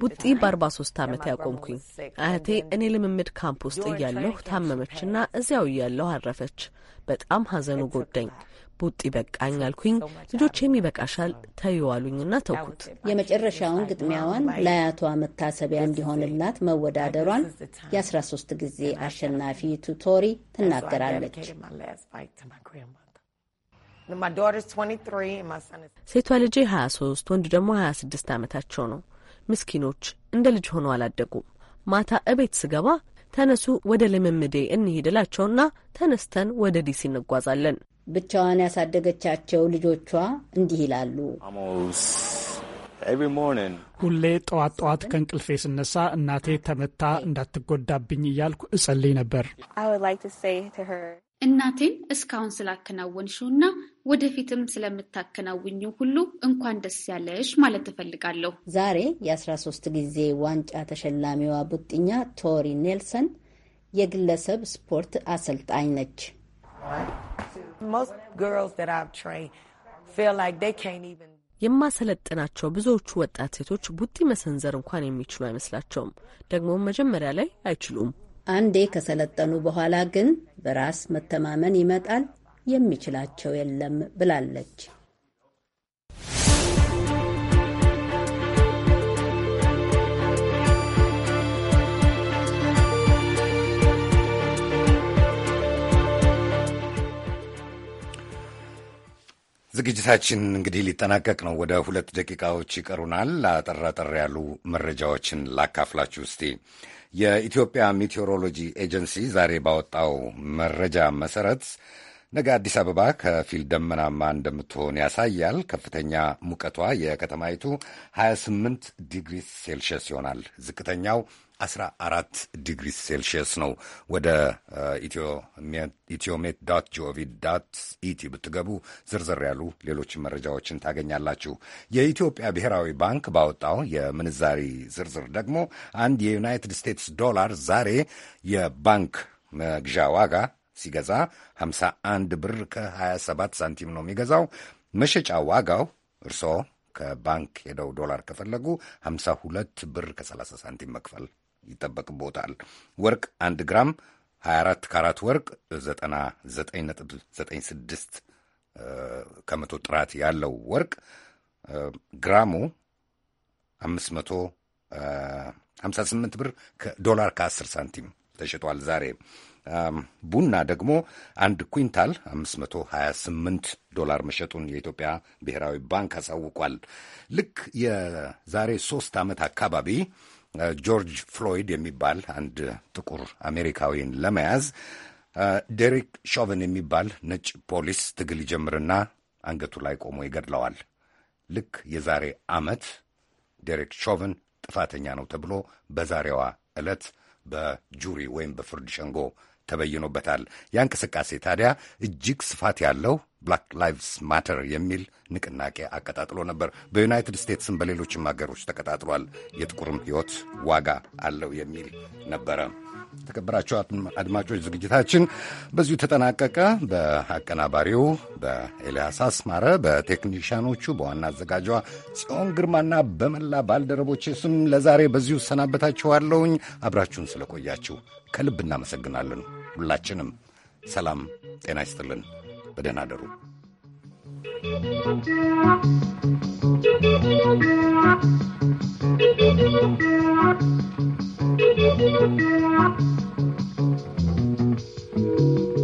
ቡጢ በ43 ዓመት ያቆምኩኝ አያቴ እኔ ልምምድ ካምፕ ውስጥ እያለሁ ታመመችና እዚያው እያለሁ አረፈች። በጣም ሀዘኑ ጎዳኝ። ቡጥ በቃኝ አልኩኝ። ልጆቼም ይበቃሻል ተይዋሉኝና ተውኩት። የመጨረሻውን ግጥሚያዋን ለአያቷ መታሰቢያ እንዲሆንላት መወዳደሯን የ13 ጊዜ አሸናፊ ቱቶሪ ትናገራለች። ሴቷ ልጄ 23 ወንድ ደግሞ 26 ዓመታቸው ነው። ምስኪኖች እንደ ልጅ ሆነው አላደጉም። ማታ እቤት ስገባ ተነሱ ወደ ልምምዴ እንሂድላቸውና ተነስተን ወደ ዲሲ እንጓዛለን። ብቻዋን ያሳደገቻቸው ልጆቿ እንዲህ ይላሉ። ሁሌ ጠዋት ጠዋት ከእንቅልፌ ስነሳ እናቴ ተመታ እንዳትጎዳብኝ እያልኩ እጸልይ ነበር። እናቴን እስካሁን ስላከናወንሽውና ወደፊትም ስለምታከናውኝው ሁሉ እንኳን ደስ ያለሽ ማለት እፈልጋለሁ። ዛሬ የ13 ጊዜ ዋንጫ ተሸላሚዋ ቡጥኛ ቶሪ ኔልሰን የግለሰብ ስፖርት አሰልጣኝ ነች። የማሰለጥናቸው ብዙዎቹ ወጣት ሴቶች ቡጢ መሰንዘር እንኳን የሚችሉ አይመስላቸውም። ደግሞ መጀመሪያ ላይ አይችሉም። አንዴ ከሰለጠኑ በኋላ ግን በራስ መተማመን ይመጣል። የሚችላቸው የለም ብላለች። ዝግጅታችን እንግዲህ ሊጠናቀቅ ነው። ወደ ሁለት ደቂቃዎች ይቀሩናል። አጠር አጠር ያሉ መረጃዎችን ላካፍላችሁ እስቲ። የኢትዮጵያ ሜቴዎሮሎጂ ኤጀንሲ ዛሬ ባወጣው መረጃ መሰረት ነገ አዲስ አበባ ከፊል ደመናማ እንደምትሆን ያሳያል። ከፍተኛ ሙቀቷ የከተማይቱ 28 ዲግሪ ሴልሺየስ ይሆናል። ዝቅተኛው 14 ዲግሪ ሴልሺየስ ነው። ወደ ኢትዮሜት ዶት ጂኦቪ ዶት ኢቲ ብትገቡ ዝርዝር ያሉ ሌሎች መረጃዎችን ታገኛላችሁ። የኢትዮጵያ ብሔራዊ ባንክ ባወጣው የምንዛሪ ዝርዝር ደግሞ አንድ የዩናይትድ ስቴትስ ዶላር ዛሬ የባንክ መግዣ ዋጋ ሲገዛ 51 ብር ከ27 ሳንቲም ነው የሚገዛው። መሸጫ ዋጋው እርስዎ ከባንክ ሄደው ዶላር ከፈለጉ 52 ብር ከ30 ሳንቲም መክፈል ይጠበቅቦታል። ወርቅ 1 ግራም 24 ካራት ወርቅ 99.96 ከመቶ ጥራት ያለው ወርቅ ግራሙ 558 ብር ዶላር ከ10 ሳንቲም ተሽጧል ዛሬ። ቡና ደግሞ አንድ ኩንታል 528 ዶላር መሸጡን የኢትዮጵያ ብሔራዊ ባንክ አሳውቋል። ልክ የዛሬ ሶስት ዓመት አካባቢ ጆርጅ ፍሎይድ የሚባል አንድ ጥቁር አሜሪካዊን ለመያዝ ዴሪክ ሾቨን የሚባል ነጭ ፖሊስ ትግል ይጀምርና አንገቱ ላይ ቆሞ ይገድለዋል። ልክ የዛሬ ዓመት ዴሪክ ሾቨን ጥፋተኛ ነው ተብሎ በዛሬዋ ዕለት በጁሪ ወይም በፍርድ ሸንጎ ተበይኖበታል። ያ እንቅስቃሴ ታዲያ እጅግ ስፋት ያለው ብላክ ላይቭስ ማተር የሚል ንቅናቄ አቀጣጥሎ ነበር። በዩናይትድ ስቴትስም በሌሎችም ሀገሮች ተቀጣጥሏል። የጥቁርም ሕይወት ዋጋ አለው የሚል ነበረ። ተከብራቸው አድማጮች ዝግጅታችን በዚሁ ተጠናቀቀ። በአቀናባሪው በኤልያስ አስማረ፣ በቴክኒሽያኖቹ፣ በዋና አዘጋጇ ጽዮን ግርማና በመላ ባልደረቦቼ ስም ለዛሬ በዚሁ እሰናበታችኋለሁኝ። አብራችሁን ስለቆያችሁ ከልብ እናመሰግናለን። ሁላችንም ሰላም ጤና ይስጥልን። በደህና አደሩ። Thank you. Thank you.